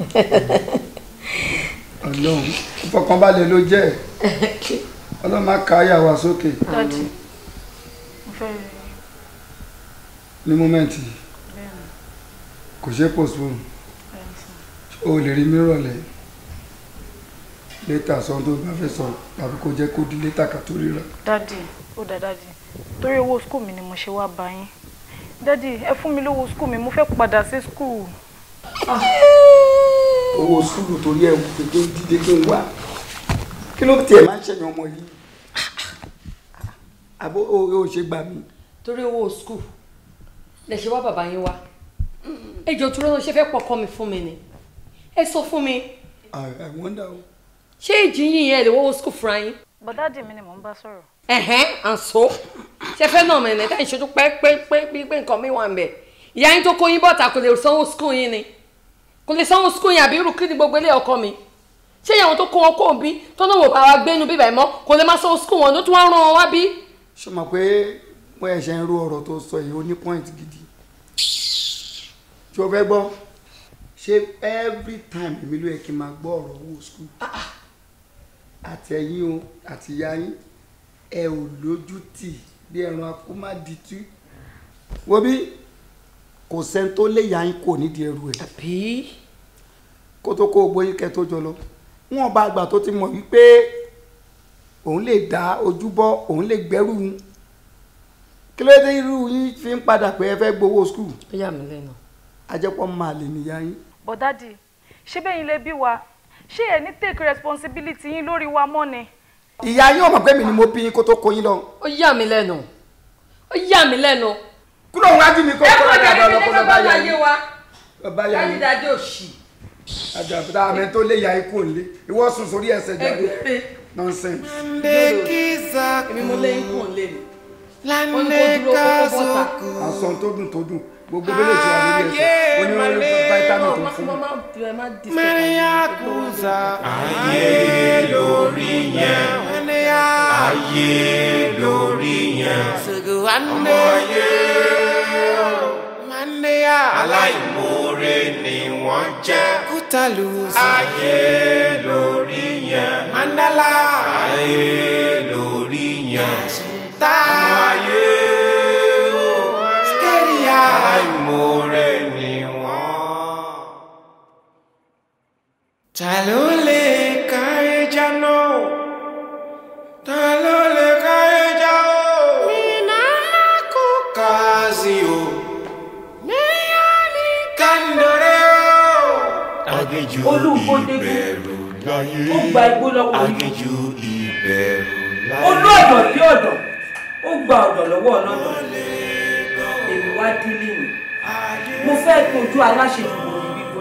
ọlọ́run ìfọkànbalẹ̀ ló jẹ́ ọlọ́run má ka àyà wa sókè. ní mọ́mẹ́ǹtì kò ṣe postpone o lè rí mìíràn lẹ́yìn létà sọ tó bá fẹ́ sọ tàbí kó jẹ́ kó di létà ká tó ríra. dádì ó dá dádì torí owó skul mi ni mo ṣe wá bá yín dádì ẹ fún mi lówó skul mi mo fẹ́ padà sí skul. Ah. owó skul torí ẹ wò pé dídé kí n wá kí ló tiẹ̀ máa ń ṣẹ̀yìn ọmọ yìí àbó o ṣe gbà mí. torí owó skul lè ṣe wá bàbá yín wá ẹjọ́ tó rán ṣe fẹ́ pọkàn mi fún mi ni ẹ sọ fún mi. I wonder. ṣé ìjì yìnyín ẹ lè wọ́wọ́ skul fúnra yín. bọ̀dá dì mí ni mò ń bá sọ̀rọ̀ ẹ̀hẹ́n àǹso ṣe fẹ́ náà mẹ́rin tẹ́ ìṣojú pẹ́ẹ́pẹ́ẹ́pẹ́ pé nǹkan mi wà ń bẹ̀ ìyá yín tó kó yín bọ̀ta kò lè sanwó skul yín ni kò lè sanwó skul yín àbí irú kí ni gbogbo ilé ọkọ mi ṣé ìyàwó tó kó wọn kó bí tó náà wò bá wa gbénu bíbà ẹ̀ mọ́ kò lè má sanwó skul wọn ló tún wá rán wọn wá bí. ṣé mo pé mo ẹ̀ṣẹ̀ ń ro ọ̀rọ̀ tó sọ yìí ó ní point gidi ṣé o fẹ́ gbọ́ ṣé every time èmi ló yẹ kí n máa gbọ́ ọ̀rọ̀ owó skul ah, ah. àtẹ̀yìn o àtìyá yín ẹ ò lójú tì bí ẹran akómádìtú wo bí kò sẹ́ni tó lè yà yín kò nídìí ẹrù ẹ̀. àbí. kó tó kó o gbóyún kẹ tó wọn bá àgbà tó ti mọ̀ wípé òun lè dá ojú bọ́ òun lè gbẹ́rù kí ló dé irú yín fi ń padà pé ẹ fẹ́ gbowó skul. ó yà mí lẹ́nu. ajẹ́pọ̀ máa lè nìyá yín. bọ̀dádì ṣé bẹ́yìn lè bí wa ṣé ẹ̀ ní take responsibility yín lórí wa mọ́ ni ìyá yín ò mọ̀ pé mi ni mo bí kó tó kó yín lọ. ó yà mí lẹ́nu ó yà mí lẹ́nu. kúrò wájú mi kó kó lọ́dà bá lọ́kọ́ lọ́ba yà yín lọ́ba yà yín dájú òsì. àjọ àbúdá àmì tó lé ya ikú òlé ìwọ sùn sórí ẹsẹ̀ jáde nonsense. èmi mo lé ikú òlé mi. ó ní kó dúró kó bọ́ta. àsọ̀ tó dùn tó dùn gbogbo bẹ́lẹ̀ tí wọ́n lórí ẹsẹ̀ onírúurú vitamin tó fún un. mẹ́rìnyá kùsà ayé lórí yẹn ayé lórí yẹn ọmọ ayé aláìmoore ni wọ́n jẹ́ ayé lórí yẹn mandala ayé lórí yẹn ọmọ ayé. ta ló lè káyé jáná ta ló lè káyé já o iná kò káàsì o níyà ní kàndọ̀rẹ́ o aginjù ìbẹ̀rù láyé ó gba igbó lọ́wọ́ aginjù ìbẹ̀rù láyé olú ọ̀dọ̀ bí ọ̀dọ̀ ó gba ọ̀dọ̀ lọ́wọ́ ọlọ́dọ̀ èmi wá dílé mi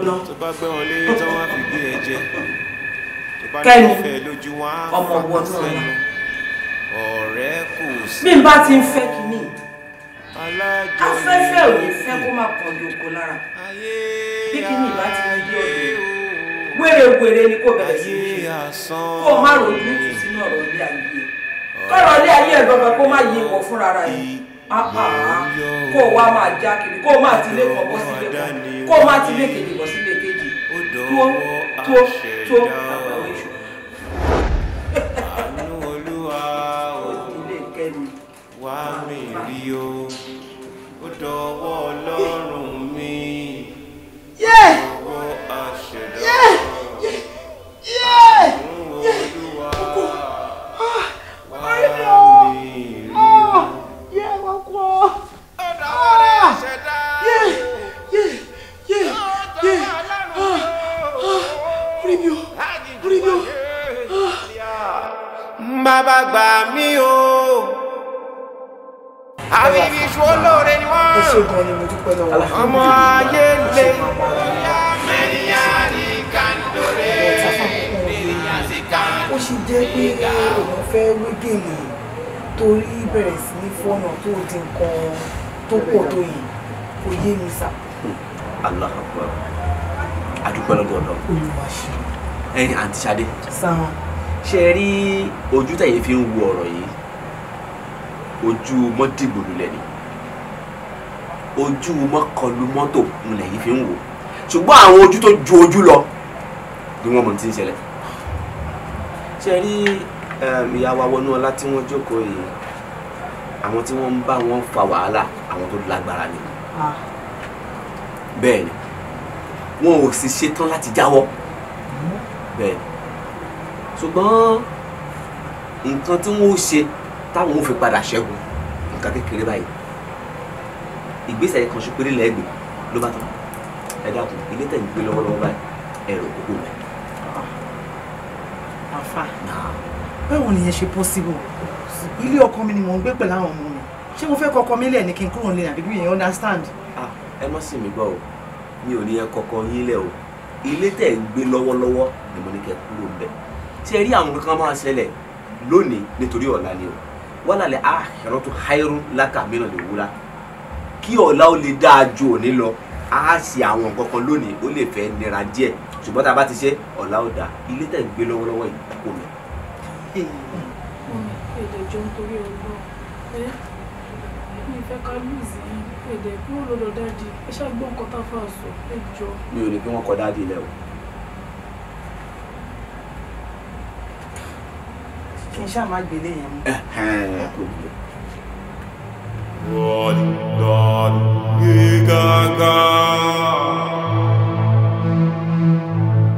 gbóná kẹ́ni ọmọ ọwọ́ náà la bí n bá ti ń fẹ́ kínní afẹ́fẹ́ ò ní fẹ́ kó máa pọ̀ ní oko lára bí kínní ìbá ti ń yí ọ̀dọ́ wérewère ni kò bẹ̀rẹ̀ sí í ṣe kó má ronú jù sínú ọ̀rọ̀ ilé ayé kọ́rọ̀ ilé ayé ẹ̀ lọ́gbà kó má yé wọ fúnra kó o wá máa já kiri kó o máa ti lé kan sílé kan o máa ti lé kejì bọ́ sílé kejì tó tó tó àwọn oṣù. àánú olúwa ò wá mi rí o ó dọwọ́ ọlọ́run. bàbá gbà mí o àbíbí ṣu olóore ni wọ́n ọmọ ayé lè mẹ́ríyá ní kàndóré mẹ́ríyá sí kàndóré. ó ṣe jẹ́ pé òun fẹ́ wí gèlè torí bẹ̀rẹ̀ sí ní fọ́nà tó di nǹkan tó pọ̀ tó yìí kò yé mi sá. aláhàpá adúpẹ́ lọ́dọ̀ ọ̀dọ́ ẹ̀yin àǹtí Ṣadé. sáwọn ṣe rí ojú tẹ̀yẹ fi ń wo ọ̀rọ̀ yìí ojú mọ́dìgbòlù lẹ́ni ojú mọ́kànlú mọ́tò ńlẹ̀ yìí fi ń wò ṣùgbọ́n àwọn ojú tó ju ojú lọ ni wọ́n mọ̀ ti ń ṣẹlẹ̀ ṣe rí ìyá wa wọnú ọlá tí wọ́n jókòó yìí àwọn tí wọ́n ń bá wọn fa wàhálà àwọn tó lágbára ni ah. bẹ́ẹ̀ ni wọn ò sì ṣetán láti jáwọ́ mm-hmm. bẹ́ẹ̀ ni ṣùgbọ́n nǹkan tí wọ́n ó ṣe táwọn ò fi padà ṣẹ́gun nǹkan kékeré báyìí ìgbésẹ̀ kan ṣe péré lẹ́gbẹ̀ẹ́ ló bá tán ẹ dákun ilé tẹ̀ ń gbé lọ́wọ́lọ́wọ́ báyìí ẹ̀rọ òkú rẹ̀. àfà báwo nìyẹn ṣe possible ilé ọkọ mi ni mò ń gbé pẹ̀lú àwọn ọmọ mi ṣé mo fẹ́ kọ ọkọ mi lẹ̀ ní kí n kúrò nílẹ̀ àbí bí èèyàn understand. ẹ má sì mí gbọ́ o mi ò ní ẹ kọ́kọ́ yín lẹ̀ o ilé tẹ̀ ń gbé lọ́wọ́lọ́wọ́ ni mo ní kẹ́ kúrò ń ṣe rí àwọn kankan máa ṣẹlẹ̀ lónìí nítorí ọ̀la ni o wala le akhiratu khairun laka mina le wula kí ọ̀la ó lè dáa ju òní lọ á ṣe àwọn kankan lónìí ó lè fẹ́ nira díẹ̀ ṣùgbọ́n tá a bá ti ṣe ọ̀la ó dáa ilé tẹ̀ ń gbé lọ́wọ́lọ́wọ́ yìí kò mẹ́. ìdẹ̀jọ nítorí ọlọ́ ẹ mi fẹ́ ká lùzì èdè ò ní kí wọ́n kọ dáàdi lẹ kí n ṣáà má gbélé yẹn mú. Lord, Lord, ye gaga.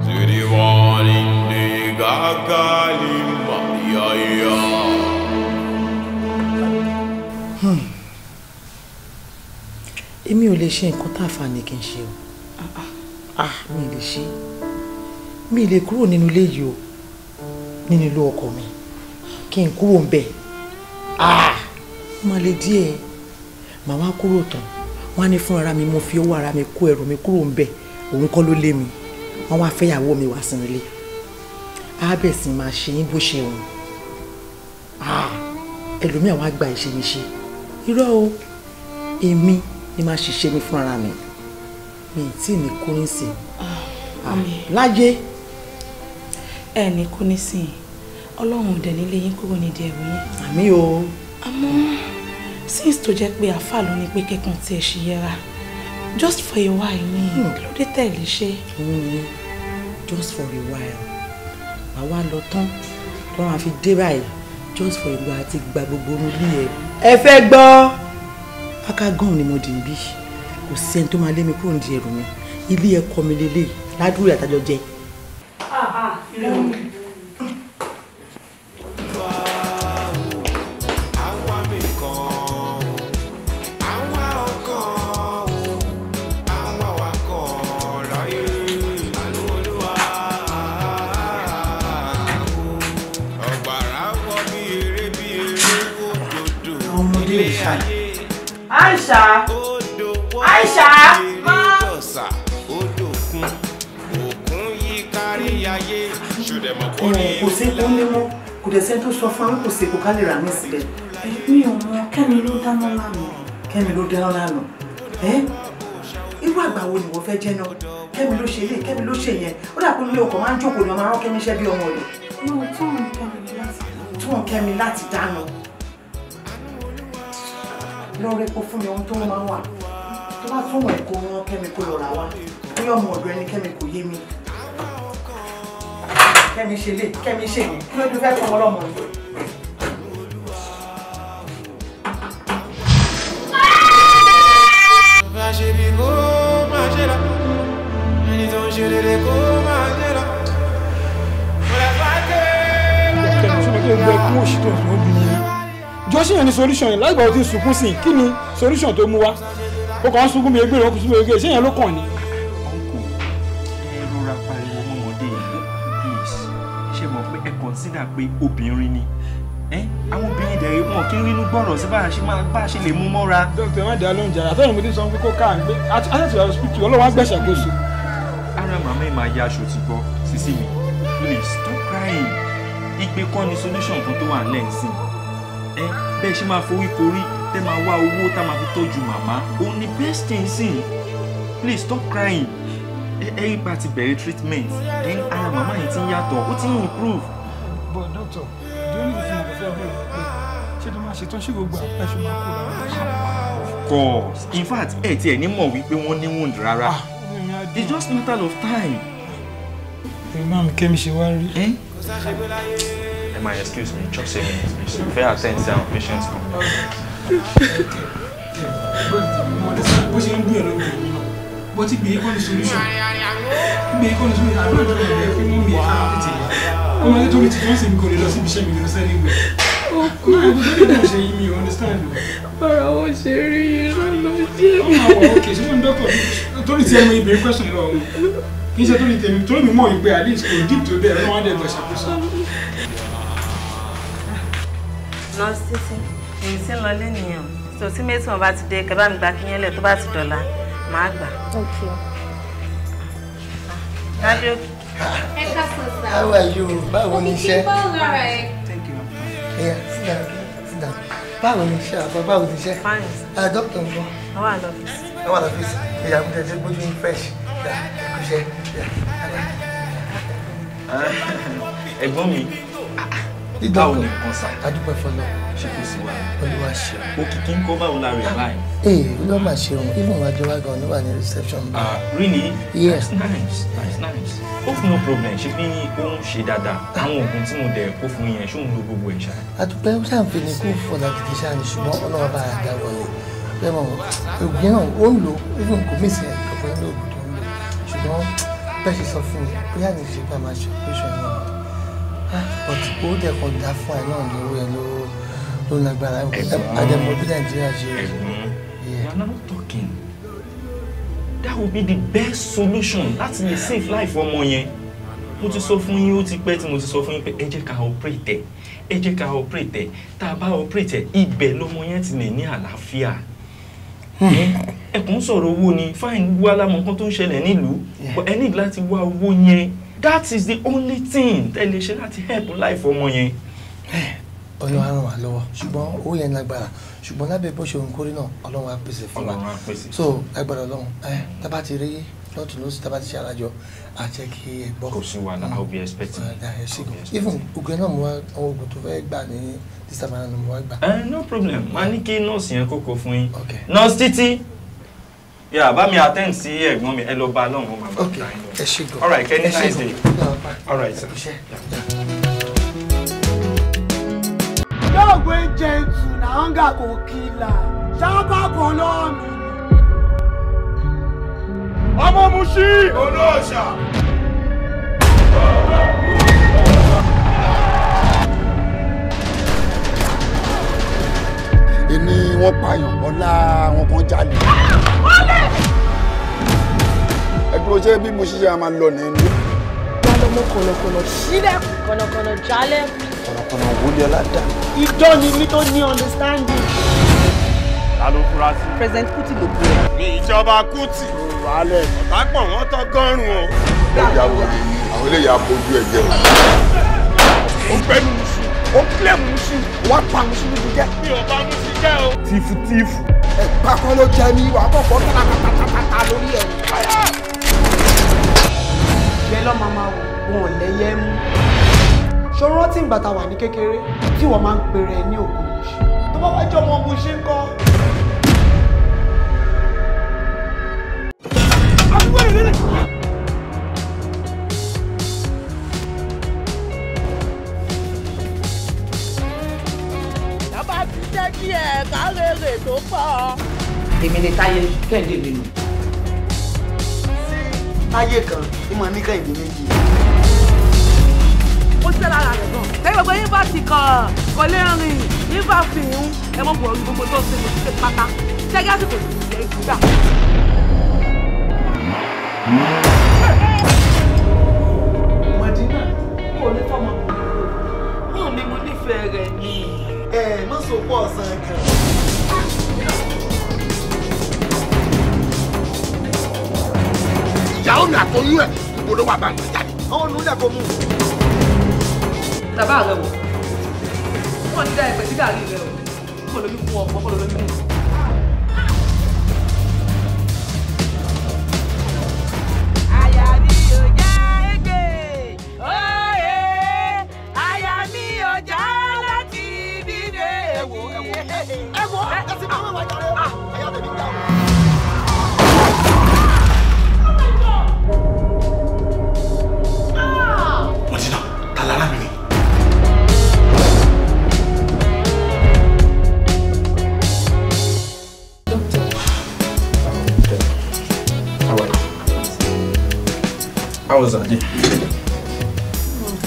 To the warning, the gaga limba, ya ya. Èmi ò lè ṣe nǹkan tá a fa ni kí n ṣe o. Ah, mi lè ṣe. Mi lè kúrò nínú ilé yìí o. Nínú ilé ọkọ mi kí n kúrò ń bẹ̀ ah! má le díẹ̀ màá wá kúrò tán wọ́n á ní fún ara mi mo fi owó ara mi kó ẹrù mi kúrò ń bẹ̀ òun kọ́ ló lé mi wọ́n wá fẹ́yàwó mi wá sí ilé á bẹ̀ sí máa ṣe yín bó ṣe òun ah! ẹlòmíà wá gba ìṣe mi ṣe irọ́ o èmi ni máa ṣiṣẹ́ mi fún ara mi mi tí mi kú nísìn ah, láyé ẹ ní kú nísìn ọlọ́run dẹ̀ nílé yín kúrò nídìí ẹ̀rù yín. àmì o. àmọ́ since tó jẹ́ pé àáfà ló ní pé kẹ́kàn tí ẹ ṣì yẹra just for a while ni hmm. kí ló dé tẹ̀lé ṣe. just for a while màá wá lọ tán lọ́run àfi dé báyìí just for ìgbà àti gba gbogbo orun ní ẹ. ẹ fẹ́ gbọ́ akágàn ni mo dì ń bí kò sí ẹni tó máa lé mi kúrò nídìí ẹ̀rù mi ilé ẹ̀kọ́ mi lélẹ̀ ládùúgbò àtàjọ jẹ́ Aisha. Aisha. Ma. Eh, kò sí kúnlé mọ́ kò dẹ̀ sẹ́ni tó sọ fún àwọn kò sí kò ká lè rà mí síbẹ̀. Eh, mi ò mọ kẹ́mi ló dáná lánàá. kẹ́mi ló dáná lánàá. Eh, irú àgbà wo ni wọ́n fẹ́ jẹ́ náà kẹ́mi ló ṣe ilé kẹ́mi ló ṣe yẹn ó dà pé mi ò kàn máa ń jókòó ni ọmọ arákẹ́mi iṣẹ́ bí ọmọ rẹ̀. mo tún kẹ́mi láti dáná. tún kẹ́mi láti dáná lọ rẹpo fún mi ohun tó máa wà tó bá tún wọn ẹ̀kọ́ wọn kẹ́mi kó lọ rà wá bóyá ọmọ ọ̀dọ̀ ẹni kẹ́mi kò yé mi kẹ́mi ṣe lè kẹ́mi ṣe yẹn kí ló dé fẹ́ fọwọ́ lọ́mọ yìí. bá ṣe bí kó máa ṣe lọ ẹni tó jọ́sìn yẹn ni solution yẹn láì gbàgbọ́ tí ń sunkún sí kí ni solution tó mú wá ó kàn ń sunkún mi egbèrè ó kù sunkún mi egbèrè ṣé yẹn ló kàn ni. ọ̀nkù ẹ rọra pariwo ọmọdé please ṣe mọ̀ pé ẹ consider pé obìnrin ni àwọn obìnrin dẹ̀ wọn kí ń rínú gbọ́rọ̀ sí bá a ṣe máa bá a ṣe lè mú mọ́ra. dókítà má dá lóhùn jàrá àtọ́nà mo ti sọ pé kó ká àgbẹ̀ àtẹ̀tù àròsípìtì ọlọ́wọ́ àgbẹ̀ṣẹ̀ kò sùn. ara màmá ẹ̀ máa ya aṣọ ti gbọ́ sísí mi please stop crying igbe kọ́ ni solution kan tó wà lẹ́yìn sí i ẹ bẹ́ẹ̀ ṣe máa forí korí tẹ́ máa wá owó tá máa fi tọ́jú màmá òun ni best thing sìn please stop crying ẹ ẹ bá ti bẹ̀rẹ̀ treatment then ara màmá yẹn ti ń yàtọ̀ ó ti ń improve. but doctor the only thing mo fẹ́ bẹ̀rẹ̀ pé ṣé tó máa ṣetán ṣé gbogbo àpá ṣe máa kó lára. of course in fact ẹ tiẹ̀ ní mọ̀ wípé wọ́n ní wound rárá ah, it's just matter of time. ẹ máa mi kẹ́mi ṣe wá rí. Eh? Emma, excuse me, just a minute, please. Fair attention, patience. Bó ti gbèyí kọ́ni solution. Gbèyí kọ́ni solution. Àbúrò ìjọba ìgbà ẹ̀fín mú mi ẹ̀ka láti tèyí. Ọmọ ẹni tó mi ti fọ́n sí mi kò lè lọ sí ibi iṣẹ́ mi lọ sẹ́ni gbẹ̀. Ó kú. Bí mo ṣe yí mi, understand o. Bọ̀rọ̀ wo ṣe rí irú ló ṣe mí. Ọmọ àwọn òkè ṣé mo ń dọ́kọ̀ torí ti ẹnu ìbéèrè question lọ. Kì í ṣe torí tèmi torí mi mọ̀ ìgbé at least kò deep tó bẹ́ẹ̀ lọ́wọ́ dẹ̀ gbọ̀ ṣàkóso lọ títí èyí sì ń lọ lẹ́nìyàn tó tí méjì wọn bá ti dé kẹ bá mi gba kíyẹn lẹ tó bá ti dọ̀la màá gbà. Dájú. Ẹ ká sá. How are you? Báwo ni iṣẹ́? Òkìkí bá lọ́ra ẹ̀. Thank you. Ẹ̀yà Báwo ni iṣẹ́ àbá báwo ni iṣẹ́? Fine. Ẹ ah, ń bọ̀. Ẹ wà lọ́fíìsì. Ẹ wà lọ́fíìsì. Ẹ̀yà mi ní fresh. Ẹ kú iṣẹ́. Ẹ̀gbọ́n mi ìgbà wo ni nǹkan sá. adúpẹ́ fọlọ́. ṣé kò sí wa. olúwa ṣe. òkìkí ń kó báwo la báyìí. ee eh, olúwa máa ṣe òun ibùn wa jọba gan ni wà ní reception. ah really. yes nice nice nice. ó fún no problem ṣe bí òun ṣe dáadáa àwọn oògùn tí mo dẹ̀ kó fún yẹn ṣóun ló gbogbo ẹ̀ ṣá. àdúpẹ́ ó ṣàǹfẹ́ ni kó fọlá kìkì ṣáà ní ṣùgbọ́n ọlọ́wọ́ bá a dá wọlé bẹ́ẹ̀ mọ̀ náà ó ń lò even ń lò ṣùgbọ́n but ó dẹ̀ kàn dá fún ẹ náà lówó ẹ ló ló lágbára àdẹ̀mọ bí nàìjíríà ṣe rí. we are not talking that would be the best solution láti lè save life ọmọ yẹn mo ti sọ fún yín ó ti pẹ́ tí mo ti sọ fún yín pé ẹ jẹ́ ká operate ẹ ẹ jẹ́ ká operate ẹ tá a bá operate ẹ ibẹ̀ lọmọ yẹn ti lè ní àlàáfíà hmm. ẹ kàn ń sọ̀rọ̀ owó ni fáìn wá lámọ̀ nǹkan tó ń ṣẹlẹ̀ nílùú ẹ nílò láti wá owó yẹn that is the only thing tẹ́ lè ṣe láti help life ọmọ yẹn. ọlọ́run á ràn wá lọ́wọ́ ṣùgbọ́n owó yẹn lágbára ṣùgbọ́n lábẹ́ bó ṣe ń kórè náà ọlọ́run á pèsè fún wa so lágbára ọlọ́run ẹ tábà ti rí lọ́tún lọ́sí tábà ti ṣe alájọ àjẹ́ kí ẹ gbọ́. kò sí wàhálà i will be expecting. even ogun náà mo wá àwọn oògùn tó fẹ́ gbà ní dísàmánà ni mo wá gbà. Eh, no problem màá ní kí nọ́ọ̀sì yẹn kókó fún yín nọ́ọ̀sì títí yeah bá mi attend sí ẹ̀gbọ́n mi ẹ lọ bá lọ́hùn-ún màmá mi ta all right kẹ́ni nice day all right sir. yóò gbé jẹ́ǹtù náà hunger kò kí la ṣáàbà kan lọ́wọ́ mi. ọmọ Mushin olóòṣà. ẹni wọ́n pààyàn ọ̀la àwọn kan jalè. ẹ dúró bí mo ṣiṣẹ́ a máa lọ nínú. wọ́n lọ mọ kọ̀nàkọ̀nà sílẹ̀ kọ̀nàkọ̀nà jalè. kọ̀nàkọ̀nà wo ni ọlá dà. idán ni mi tó ní understanding. ta ló fura sí. president Kuti ló kú ẹ. ní ìjọba Kuti. wàhálẹ̀. ọ̀tá pọ̀ wọ́n tán gọ́rùn-ún o. ìyàwó àwọn eléyà bójú ẹ̀ jẹ́ o. ó gbẹ́nu musu ó kílẹ̀ musu wàá pa musu lójú jẹ́. mi ò bá musu jẹ́ o. tìfùtìfù. ẹ̀pà kan ló jẹ mí wàá kọ̀kọ́ tàkàtàkàtà lórí ẹ̀. ìyẹn lọ́mọ máa wò wọn lẹ́yẹ mú. ṣòro tí ìgbà ta wà ní kékeré tí wọ́n máa ń pèrè ní òkú tó bá wá jọ ọmọ bó ṣe ń kọ́. olè tó pọ̀. èmi ni táyé kẹ́hìndé mi nù. táyé kan ni mo ní kẹ́hìndé méjì. mo ṣe lára rẹ̀ gan. ẹ̀yin gbogbo yín bá ti kàn kò lè rìn yín bá fi ń ẹ mọ̀ bọ̀ gbogbo tó ṣe mo ti ṣe pátá ṣẹ́gẹ́ àsìkò tó ti ṣe é gbà. ẹ má sọ pọ̀ ọ̀sán kan. ìyàwó mi àtọyún ẹ̀ gbogbo ló wà bá nǹkan jáde. ọwọ́ nu dẹ̀ kó mú. bàbá rẹ wò wọn ní dá ẹgbẹ sí gàrí rẹ o kó lómi fún ọkọ kó lómi fún ọkọ. How was that day? Mm.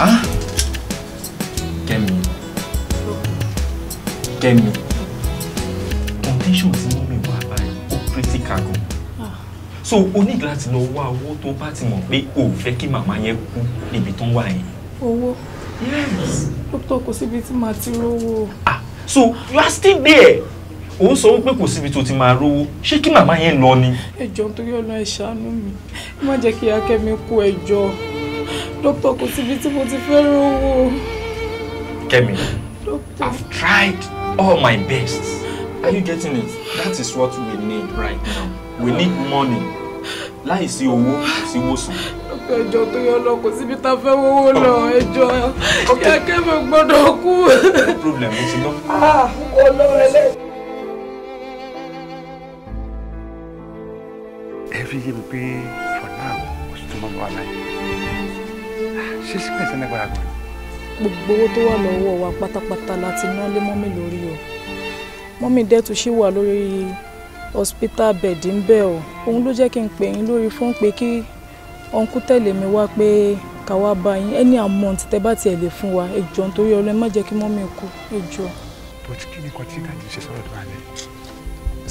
Ah? Kẹ́mi. Kẹ́mi. Condition tí mọ́mí wà báyìí ó So only ní láti lọ wá owó tó bá ti mọ̀ pé o ò fẹ́ kí màmá yẹn kú níbi tó ń wà yẹn. Owó. Yes. Dókítà kò síbi tí màá ti rówó. Ah so you are still there òun sọ wípé kò síbi tó ti máa rówó ṣé kí màmá yẹn lọ ni. ẹjọ torí ọlọ ẹ ṣàánú mi ẹ má jẹ́ kí akẹmi kú ẹjọ dókítà kò síbi tí mo ti fẹ́ rówó. Kẹ́mi I've tried all my best are you getting it that is what we need right now we need money láì sí owó sí wòsàn. dókítà ẹjọ torí ọlọ kò síbi tá a fẹ́ wọ́wọ́ lọ ẹjọ kí akẹmi gbọ́dọ̀ kú. no problem mo ti lọ. ah olóore lẹ́yìn. fi yé mi pé for now kò sì tún mọ́ mi wá láyé ṣé sickness ẹ̀ lágbára gan ni. gbogbo owó tó wà lọ́wọ́ wa pátápátá la ti ná lé mọ́mì lórí o mọ́mì dẹ́tù ṣì wà lórí hospital bed ń bẹ̀ o òun ló jẹ́ kí n pè yín lórí fóun pé kí ọ̀nkú tẹ̀lé mi wá pé ká wá bá yín any amount tẹ bá tiẹ̀ lè fún wa ẹjọ́ nítorí ọlọ́run má jẹ́ kí mọ́mì kú ẹjọ́. but kí ni kò tí ì dájú ṣe sọ́dọ̀ tó wà lẹ́yìn.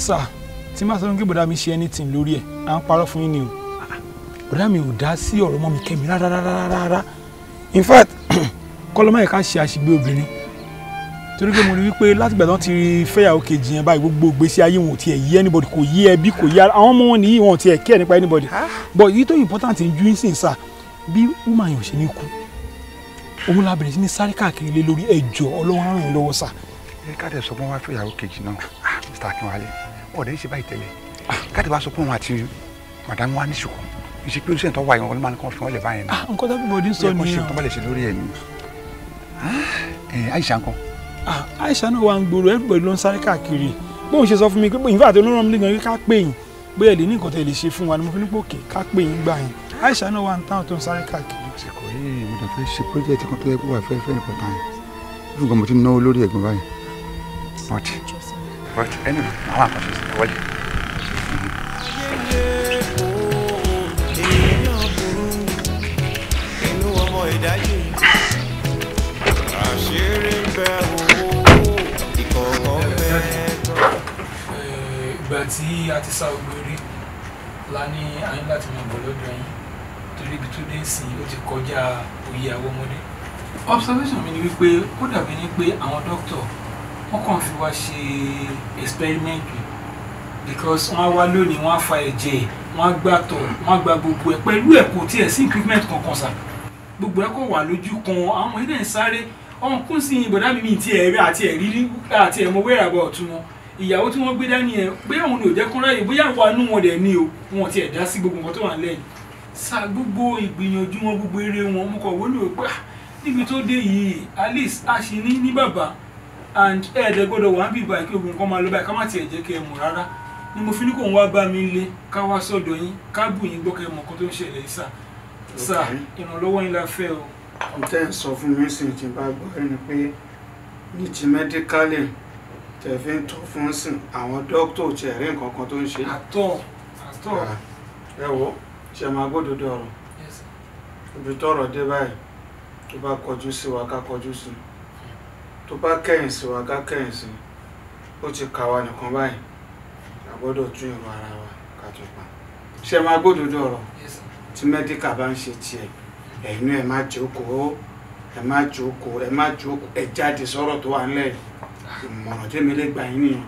sáà tí má sọdún kí bọ̀dá mi ṣe anything lórí ẹ̀ à ń parọ́ fún yín ni o bọ̀dá mi ò dá sí ọ̀rọ̀ ọmọ mi kẹ́mi rárá rárá rárá in fact kọ́lọ́mọ́ yẹn ká ṣe àṣìgbé obìnrin torí pé mo rí wípé látìgbà tó ti rí fẹ́yàwó kejì yẹn báyìí gbogbo ìgbésí ayé wọn ò tiẹ̀ yí anybody kò yí ẹbí kò yí ara àwọn ọmọ wọn nìyí wọn ò tiẹ̀ care nípa anybody but èyí tó important ń ju ìsìn sá bí woman yẹn ò ṣe ní kú òun la bẹ̀rẹ̀ sí ní sáré káàkiri lé lórí ẹjọ́ ọlọ́run ràn yín lọ́wọ́ sá. ẹ ká tẹ sọ fún wa fẹ́yàwó kejì náà Mr. Akínwálé ọ̀dẹ̀ ń ṣe báyìí tẹ́lẹ̀ káàdì wá sọ pé òun àti madam wa ní ṣùkọ́ ìṣe pé oníṣẹ́ ìtọ́wà yẹn wọn máa ń kọ́ fi wọ́n lẹ̀ báyẹn náà. Ah, nǹkan tó bí mo dín sọ nìyẹn. ó yẹ kó ṣe tó lè ṣe lórí ẹ̀ ni. àìsàn ah, eh, kan. Ah, náà wà ń gbòòrò everybody ló ń sáré káàkiri bóun ṣe sọ fún mi pé ìfẹ́ àti olóró mi gan ká pè yín bóyá lè ní nǹkan tẹ̀ lè ṣe fún wa ni mo fi ní pòkè ká pè yín gbà yín àìsàn náà wà ń táwọn tó ń sáré káàkiri. àsìkò yìí eh, mo dẹ̀ fẹ́ ṣe pírọ́jẹ́tì kan tó yẹ kó wà fẹ́ẹ́fẹ́ nìkan táyà But anyway, màmá kan ṣe ṣe wọlé. ìdájì àṣírí bẹ owó láti máa bọ̀ lọ́dọ̀ yín torí ibi tó dé sí ó ti kọjá òye àwọn ọmọdé. observation mi ni wípé ó dàbí ni pé àwọn dókítà wọ́n kàn fi wá ṣe experiment because wọ́n á wá lónìí wọ́n á fa ẹ̀jẹ̀ wọ́n á gbà tọ̀ wọ́n á gba gbogbo ẹ̀ pẹ̀lú ẹ̀ kò tiẹ̀ sí improvement kankan sà gbogbo ẹ̀ kò wà lójú kan àwọn ilé ń sáré ọ̀hún kún sí ìbọ̀dá mi mi ti ẹ̀rí àti ẹ̀rí àti ẹ̀mọ́ wẹ́rẹ́ àbọ̀ ọ̀tún wọn ìyàwó tí wọ́n gbé dání ẹ̀ pé àwọn ni ò jẹ́ kán ráyè bóyá wà nú wọn dẹ̀ ni o wọn ti ẹ̀ dá sí gbogbo nǹkan tó wà lẹ́yìn sa gbogbo ìgbìyànjú wọn gbogbo eré wọn mo kàn wọlé o pé ah, níbi tó dé yìí alice a ní bàbá and ẹ̀ẹ́dẹ̀ gbọ́dọ̀ wà ń bì báyìí kí ogun kan máa lọ báyìí ká má tiẹ̀ jẹ́ kẹ́ ẹ mọ̀ rárá ni mo fi ní kò ń wá bá mi lé ká wá sọ́dọ̀ yín ká bù yín gbọ́ kẹ́ ẹ mọ̀ kan tó ń ṣẹlẹ̀ sà sà ìrànlọ́wọ́ yín la fẹ́ o. n tẹ́ ń sọ fún mi sì ti bá gbọ́ ẹni pé ní ti mẹ́díkálì tẹ̀ fi ń tọ́ fún sìn àwọn dókítà ti ẹ̀rí nǹkan kan tó ń ṣe. àtọ̀ àtọ̀. Ah, ẹ wo ṣe máa gbódòdó ọ̀rọ̀ ibi tọ́rọ̀ dé báyìí tó bá kọjú sí wa ká kọjú sí i tó bá kẹ́yìn sí wa ká kẹ́yìn sí ó ti kà wá nìkan báyìí a gbọ́dọ̀ tún èrò ara wa ká tún pa ṣe máa gbódòdó ọ̀rọ̀ tí mẹ́díkà bá ń ṣe tiẹ̀ ẹ̀yìn ẹ̀ má jókòó ẹ̀ má jókòó ẹ̀ má jókòó ẹ̀ jáde sọ̀rọ̀ tó wà ńlẹ̀ ìmọ̀ràn tẹ́mi lè gbà yín nìyẹn.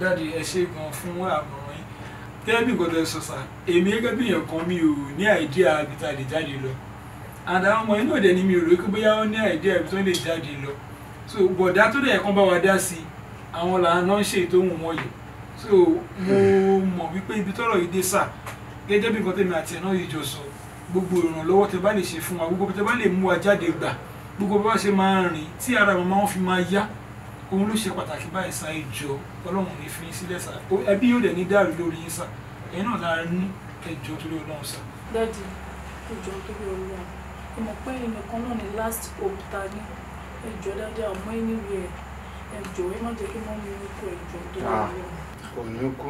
dáàdi ẹ ṣe gan fún àmọ̀ràn yín tẹ́lẹ̀ bí nǹkan tẹ́ sọ sá èmi gẹ́gẹ́ bí èèyàn kan mi ò ní àìdíà ibi tá a lè jáde lọ àtàwọn ọmọ inú òde ni mi ò rò pé bóyá ó ní àìdíà ibi tó lè jáde lọ so bọ̀dá tó dẹ̀ kàn bá wa dá sí àwọn làánà ń ṣe ìtòhùn wọn yìí so mo mọ̀ wípé ibi tọ́rọ̀ yìí dé sà gẹ́gẹ́ bí nǹkan tèmi àti ẹ̀ náà yìí jọ sọ gbogbo ìrànlọ́wọ́ tẹ bá lè ṣe fún wa gbogbo tẹ bá lè mú wa jáde gbà gbogbo bá ṣe máa rìn tí ara màmá wọn fi máa yá òun ló ṣe pàtàkì báyìí sá ìjọ ọlọ́run ní fi sílẹ̀ sá ẹbí yóò dẹ̀ ní dàrú lórí yín sá ẹ̀yin náà lára ní ẹjọ́ torí ọlọ́run sá. dáàdi ìjọ torí ọlọ́run ìmọ̀ pé náà ni last hope ta ní ẹjọ dáadáa ọmọ ẹni wí ẹ ẹjọ ẹ má jẹ́ kí wọn mú mi kó ẹjọ tó wà ah, lọ. kò ní kú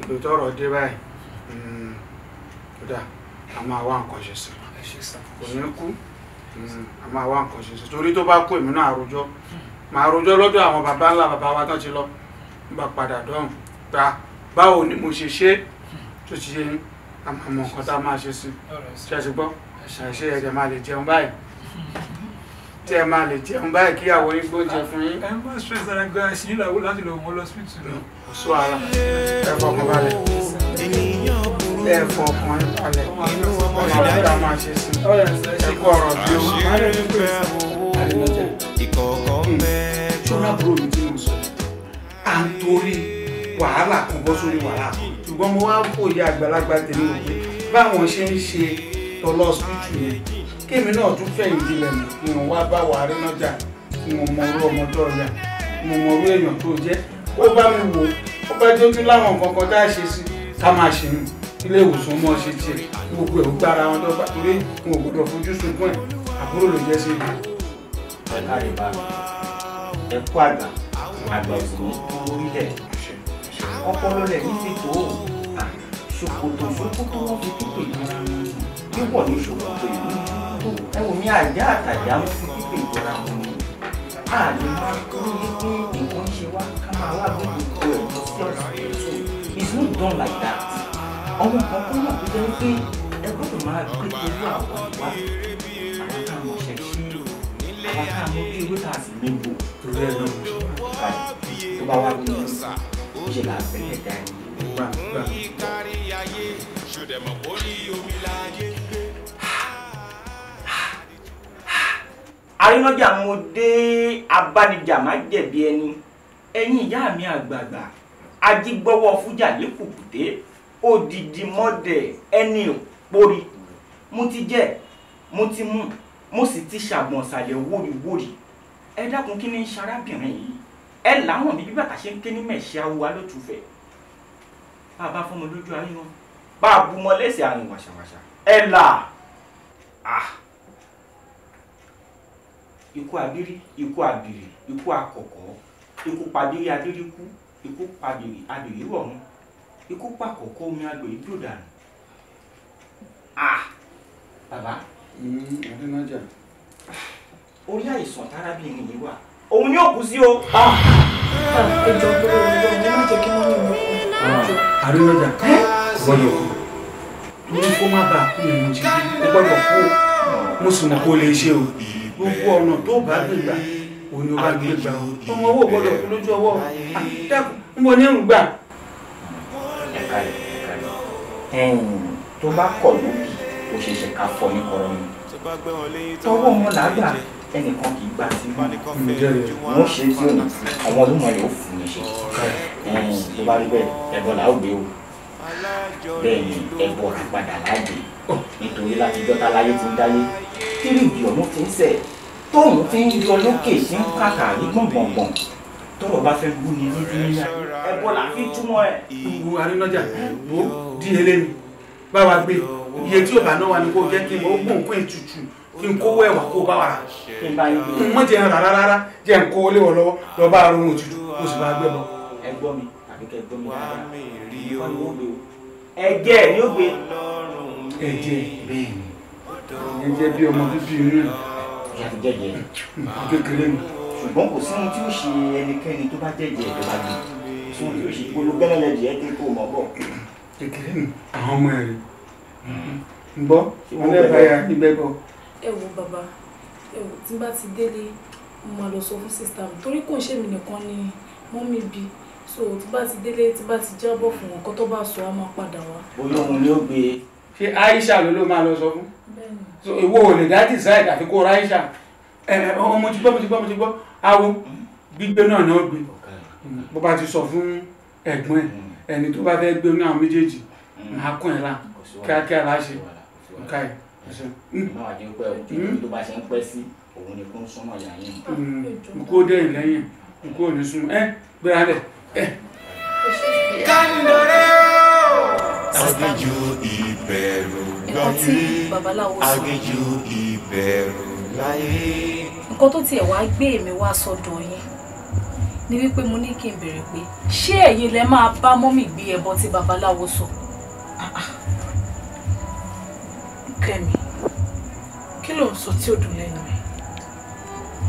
ibi tọrọ dé báyìí kódà mm, a máa wá nǹkan ṣe sí kò ní kú mm, a máa wá nǹkan ṣe sí torí tó bá kú èmi náà àròjọ hmm. màá rojọ́ lọ́dọ̀ àwọn baba ńlá baba wa tán ti lọ nígbà padà dọ̀hùn gba báwo ni mo ṣe ṣe hmm. tó ti ṣe àmọ́ nǹkan tá a máa ṣe sí ṣe é ti gbọ́ ṣàṣeyẹ ẹ̀jẹ̀ máa lè jẹun báyìí tí ẹ máa lè jẹun báyìí kí àwọn yín gbóúnjẹ fún yín. ẹ má stress ara gba ẹsìn ìlàwó láti lọ wọn lọ síbítù lọ. kò sọ ara ẹ fọkàn balẹ̀ ẹ fọkàn balẹ̀ ọmọ ọ̀dà máa ṣe sí ẹ kú ọ̀rọ̀ bí o. ṣọ́nà bro mi tí mo sọ à ń torí wàhálà kan bọ́ sórí wàhálà kan ṣùgbọ́n mo wá fòye àgbàlagbà tèmi wò pé báwọn ṣe ń ṣe tọ́lọ́ síbítù yẹn kémi náà tún fẹ́ ìdílé mi kí n wá bá wa rí nájà kí n mọ orú ọmọ tó ọjà kí n mọ orú èèyàn tó jẹ́ kó bá mi wò ó bá jójú láwọn nǹkan kan tá ṣe sí ká máa ṣe nù ilé ìwòsàn mọ́ ṣe tiẹ̀ gbogbo ẹ̀ ó gbára wọn dọ́gba torí n ò gbọdọ̀ fojú sunkún ẹ̀ àbúrò ló jẹ́ sí ibi. ọ̀la rẹ̀ ẹ kú àgbà àgbà ògùn orílẹ̀ ọpọlọ ẹ wò mí àjá àtàjá mú fún pípé ìjọra wọn ni a lè má ní pé nǹkan ṣe wá ká máa wá bí ìkó ẹ̀ lọ sí ọ̀sán it's not done like that ọmọ kan kó mọ̀ tó jẹ́ pé ẹ gbọ́dọ̀ máa gbé pẹ̀lú àwọn ìwà àwọn ká mọ̀ ṣe sí àwọn ká mọ̀ bí ewé tàbí níbo tó rẹ̀ lọ tó bá wá bí wọn ṣe là bẹ̀rẹ̀ dá ẹ̀ nígbà nígbà. arínájà mo dé abánijà má jẹ̀bi ẹni ẹ̀yin ìyá mi àgbààgbà ajígbọ́wọ́ fújà lẹ́kùkùté odidi mọ́dẹ̀ ẹni ìpórí mo ti jẹ́ mo ti mú mo sì ti ṣàgbọ̀n ṣàlẹ̀ wóríwórí ẹ dákun kí ni ń ṣarábìnrin yìí ẹ làwọn mi bí bàtà ṣe ń ké ní mẹ̀ṣẹ́ awúwa ló tù fẹ́ bá a bá fún mi lójú ayé wọn bá a bu mọ́ lẹ́sẹ̀ àrùn wàṣàwàṣà ẹ là ah ikú abírí ikú abìrì ikú àkọ̀kọ̀ ikú pabírí abírí kú ikú pabìrì abìrì rọ̀run ikú pàkọ̀kọ̀ omi agbè dò dànù ah bàbá. Hmm, adénájà. orí àìsàn tárábìnrin yìí wà òun ni ó kú sí o. ẹjọ gbọ́dọ̀ ọjọ́ mi má jẹ́ kí wọ́n yìn mí. àríwájà gbọ́dọ̀ kú ah, ní kó má bàa kú ìrìn jìbì ó gbọ́dọ̀ kú mo sì mọ̀ kó lè ṣe o gbogbo ọ̀nà tó bá gbégbà òní ó bá gbégbà ọmọ owó gbọdọ̀ kú lójú ọwọ́ àtẹ́kù ń bọ ní ìrùgbà. tó bá kọ̀ lókì ó ṣe ṣe ká fọ ní kọ̀rọ̀ mi tọwọ́ ọmọ làgbà ẹnìkan kì í gbà sí wọn ṣe tí òun àwọn olúmọ yóò fún mi ṣe tó bá rí bẹ́ẹ̀ ẹbọ là ó gbé o bẹ́ẹ̀ ni ẹbọ rà padà nítorí láti jọta láyé ti ń dáyé fíríìgì ọ̀hún ti ń sẹ̀ tóun fi ń yọ lókè sí ń kàkàrí gbọ̀ngbọ̀ngbọ̀n tọrọ bá fẹ́ gbú ni lójú ní ẹbọ là fi túmọ̀ ẹ̀. ìwò àrínájà wo di eléyìí bá wa gbé iye tí yóò bá náà wà ní kó jẹ́ kí n bọ́ gbòǹkó ètùtù kí n kówó ẹ̀wà kó bá wa rà n mọ̀ jẹ́ rárá rárá jẹ́ n kó lé wọ lọ́wọ́ lọ bá arun òtútù mo sì bá gbé lọ. ẹ gbọ́ mi àbí kẹ gbọ́ mi dáadáa ẹ̀jẹ̀ ni ó gbé. ẹ̀jẹ̀ bẹ́ẹ̀ ni ìyẹn jẹ́ bí ọmọ bíbí inú ìyàtọ̀ jẹ́jẹ́ kékeré mi. ṣùgbọ́n kò sí ohun tí ó ṣe ẹnikẹ́ni tó bá jẹ́jẹ́ tó bá gbé sí ohun tí ó ṣe olùgbẹ́lẹ́lẹ́ jẹ́ kí kò mọ̀ bọ̀. kékeré mi àwọn ọmọ ẹ̀ rẹ̀ ń gbọ́ ọlẹ́ báyà ibẹ̀ bọ̀. ẹ wo bàbá ẹ wo tí n bá ti délé mo máa lọ sọ fún sísá mi torí kò ń ṣe mí nìkan ni mọ́mí bíi so tí bá ti délé tí bá ti jábọ̀ fún wọn tó bá sọ á máa padà wá. olóhùn ni ó gbé. ṣé Aisha ló ló máa lọ sọ fún so ìwọ ò lè dá decide àfi kó ráìṣà ọmọ ti gbọ́ mo ti gbọ́ mo ti gbọ́ awo gbígbé náà náà gbé bó bá ti sọ fún ẹ̀gbọ́n ẹ̀ ẹni tó bá fẹ́ gbé ní àwọn méjèèjì máa kún ẹ̀ láà kíákíá láṣẹ nǹka ẹ̀ ẹ̀ṣẹ̀. náà àdéhùn pé ojú hmm? tó bá ṣe ń pẹ́ sí òun ni kó ń súnmọ́ ìyá yín. nkó hmm, dẹ́yìn lẹ́yìn àti babaláwo sọ. aginjù ìbẹ̀rù láyé. nǹkan tó tiẹ̀ wá gbé èmi wá sọ́dọ̀ yín ni wípé mo ní kí n béèrè pé ṣé ẹ̀yin lẹ máa bá mọ́mì gbé ẹbọ tí babaláwo sọ. Ah, ah. kẹ́mi kí ló ń sọ tí ò dùn lẹ́nu ẹ̀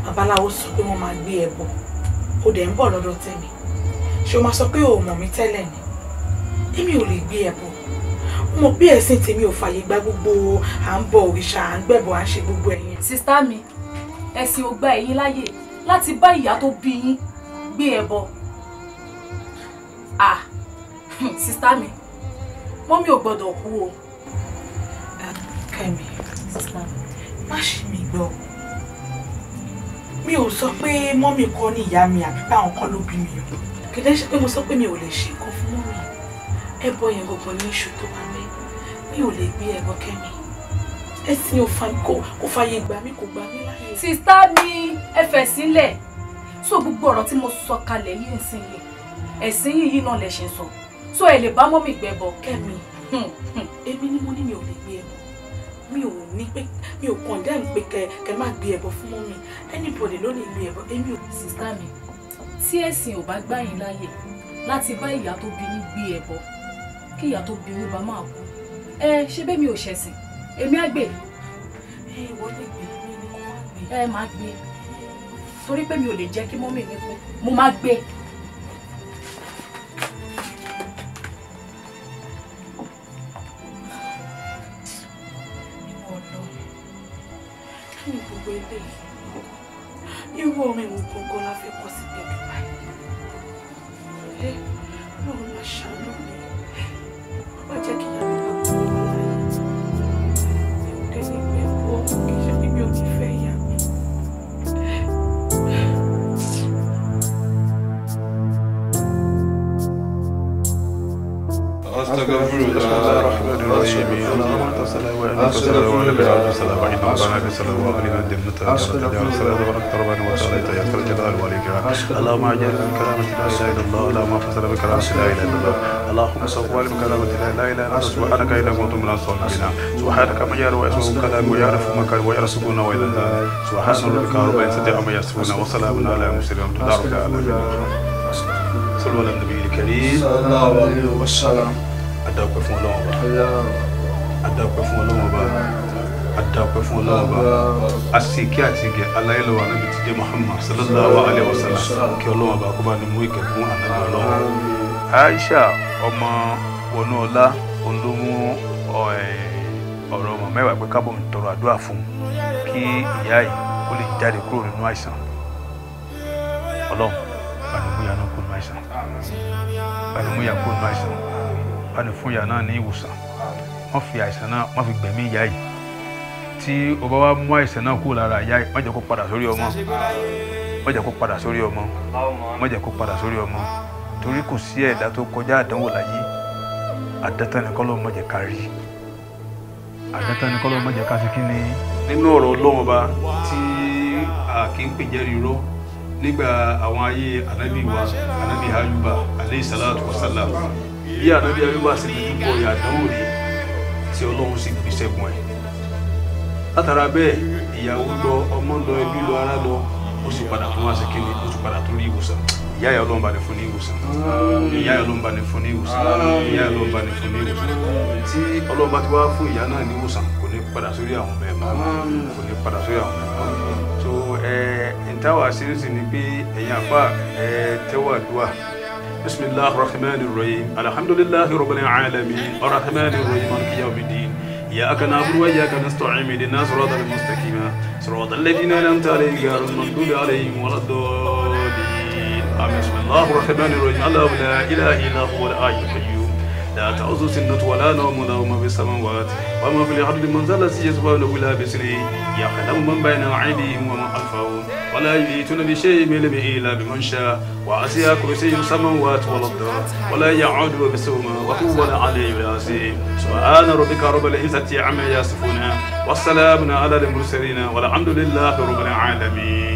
babaláwo sọ pé wọ́n máa gbé ẹbọ ó dẹ̀ ń bọ̀ lọ́dọ̀ tẹ̀mí ṣé o máa sọ pé o mọ̀ mí tẹ́lẹ̀ ni èmi ò lè gbé ẹbọ mo bí ẹ̀sìn tèmi ò fàyè gba gbogbo à ń bọ òrìṣà à ń gbẹ̀bọ̀ à ń ṣe gbogbo ẹ̀yìn. sista mi ẹ̀sìn ò gba ẹ̀yin láyè láti bá ìyá tó bí yín gbé ẹbọ ah sista mi mọ́mí ò gbọ́dọ̀ kú o. kẹ́mi má ṣì mí gbọ́ mi ò sọ pé mọ́mí kọ́ ní ìyá mi àbí báwọn kọ́ ló bí mi o kì í dẹ́ ṣe pé mo sọ pé mi ò lè ṣe nǹkan fún mọ́mí ẹbọ yẹn gbogbo ní iṣu tó bá ní mi ò lè gbé ẹbọ kẹ́mi ẹ̀sìn ò fa kò fàyè gbà mí kò gbà mí láyè. sista mi ẹ fẹ̀ sílẹ̀ so gbogbo ọ̀rọ̀ tí mo sọ kalẹ̀ yìí ń sìn yìí ẹ̀sìn yìí yìí náà lẹ̀ ṣe sọ so ẹ lè bá mọ́mì gbẹ̀bọ kẹ́mi hmm, hmm. èmi ni mo ní mi ò lè gbé ẹbọ mi ò ní pé mi ò condemn pé kẹ kẹ má gbé ẹbọ fún mọ́mì anybody ló lè gbé ẹbọ èmi ò. sista mi tí ẹ̀sìn ò bá gbà yín láyè láti bá ìyá tó bí yín gbé ẹbọ kí ìyá tó bí yín bá máa kú ẹ ṣe bẹ́ẹ̀ mi ò ṣẹ̀sìn èmi á gbé ẹ ìwọ lè gbé mi ni mo máa gbé ẹ máa gbé torí pé mi ò lè jẹ́ kí mọ́mì mi kú mo máa gbé. ní gbogbo ilé yìí irú orin wo gbogbo la fi kọ sí pẹ̀lú báyìí ẹ lóun máa ṣàánú mi wọ́n jẹ́ kí yàrá. Thank you. أستغفرك يا رحمن الرحيم أنا أمرت صلاة وأنا صلاة وأنا بعد صلاة وعيد وأنا صلاة وأنا دمنت يا رب صلاة وأكثر وأنا وصليت يا ذا الجلال والإكرام اللهم أجعل من كلامة لا إله إلا الله اللهم أفصل بكلامة لا إله إلا الله اللهم صل بكلامة لا إله إلا الله سبحانك إلا كنت من الصالحين سبحانك من يعلم اسمه كلام ويعرف مكان ويرسلون وإذا سبحان ربك رب العزة عما يصفون وسلام على المرسلين تبارك على صلوا على النبي الكريم صلى الله عليه وسلم adáwọ̀pẹ́ fún ọlọ́run ọba adáwọ̀pẹ́ fún ọlọ́run ọba adáwọ̀pẹ́ fún ọlọ́run ọba àṣekí àti ìgẹ̀ aláìlọ́wọ́ anábì ti jẹ́ Muhammad sallallahu alayhi wa sallam kí ọlọ́run ọba kó bá ní mú ìkẹ́ fún anábì Aisha ọmọ wọnúọlá olómú ọ̀rọ̀ ọmọ mẹ́wàá pé kábọ̀ tọrọ àdúrà fún kí ìyá yìí kó lè jáde kúrò nínú àìsàn ọlọ́run bàdúgbò yà kó nínú àìsàn bàdúgbò yà kó nínú àìsàn bá ní fún ìyá náà ní ìwòsàn wọ́n fi àìsàn náà wọ́n fi gbẹ̀mí ìyá yìí tí o bá wá mú àìsàn náà kúrò lára ìyá yìí má jẹ́ kó padà sórí ọmọ má jẹ́ kó padà sórí ọmọ má jẹ́ kó padà sórí ọmọ torí kò sí ẹ̀dá tó kọjá àdánwò láyé àdátánìkọ́ ló má jẹ́ ká rí àdátánìkọ́ ló má jẹ́ ká sí kí ni. nínú ọ̀rọ̀ ọlọ́run ọba tí a kì í pè jẹ́rìí rọ́ nígbà àwọn ayé anabi wa anabi ayuba aleyhi salatu wa salam bí ànábì ayọba sì dojú kọ ìyàdánwò rí tí Ọlọ́run sì gbé ṣẹ́gun ẹ̀ látara bẹ́ẹ̀ ìyàwó lọ ọmọ lọ ẹbí lọ ará lọ ó sì padà tó wá sí kíni ó sì padà tó rí ìwòsàn ìyá yà Ọlọ́run bá ní fún ní ìwòsàn ìyá yà Ọlọ́run bá ní fún ní ìwòsàn ìyá yà Ọlọ́run bá ní fún ní ìwòsàn tí Ọlọ́run bá ti wá fún ìyá náà ní ìwòsàn kò ní padà sórí àwọn ọmọ ẹ̀ mọ́ kò ní padà sórí àwọn ọmọ ẹ̀ mọ́ so ẹ̀ ǹtáwà ṣe é sì ni pé ẹ̀yin àfà ẹ̀ tẹ́wọ́ àdúrà بسم الله الرحمن الرحيم الحمد لله رب العالمين الرحمن الرحيم مالك يوم الدين إياك نعبد وإياك نستعين اهدنا الصراط المستقيم صراط الذين أنعمت عليهم غير المغضوب عليهم ولا الضالين آمين بسم الله الرحمن الرحيم الله لا إله إلا هو الحي القيوم لا تعوز سنة ولا نوم له ما في السماوات وما في الأرض من ذا الذي يسبح له الا بسره يعلم من بين أيديهم ومن خلفهم ولا يؤيتون بشيء من علمه إلا بمنشا شاء كرسي السماوات والأرض ولا يعود بسوما وهو العلي العظيم سبحان ربك رب العزة عما يصفون والسلام على المرسلين والحمد لله رب العالمين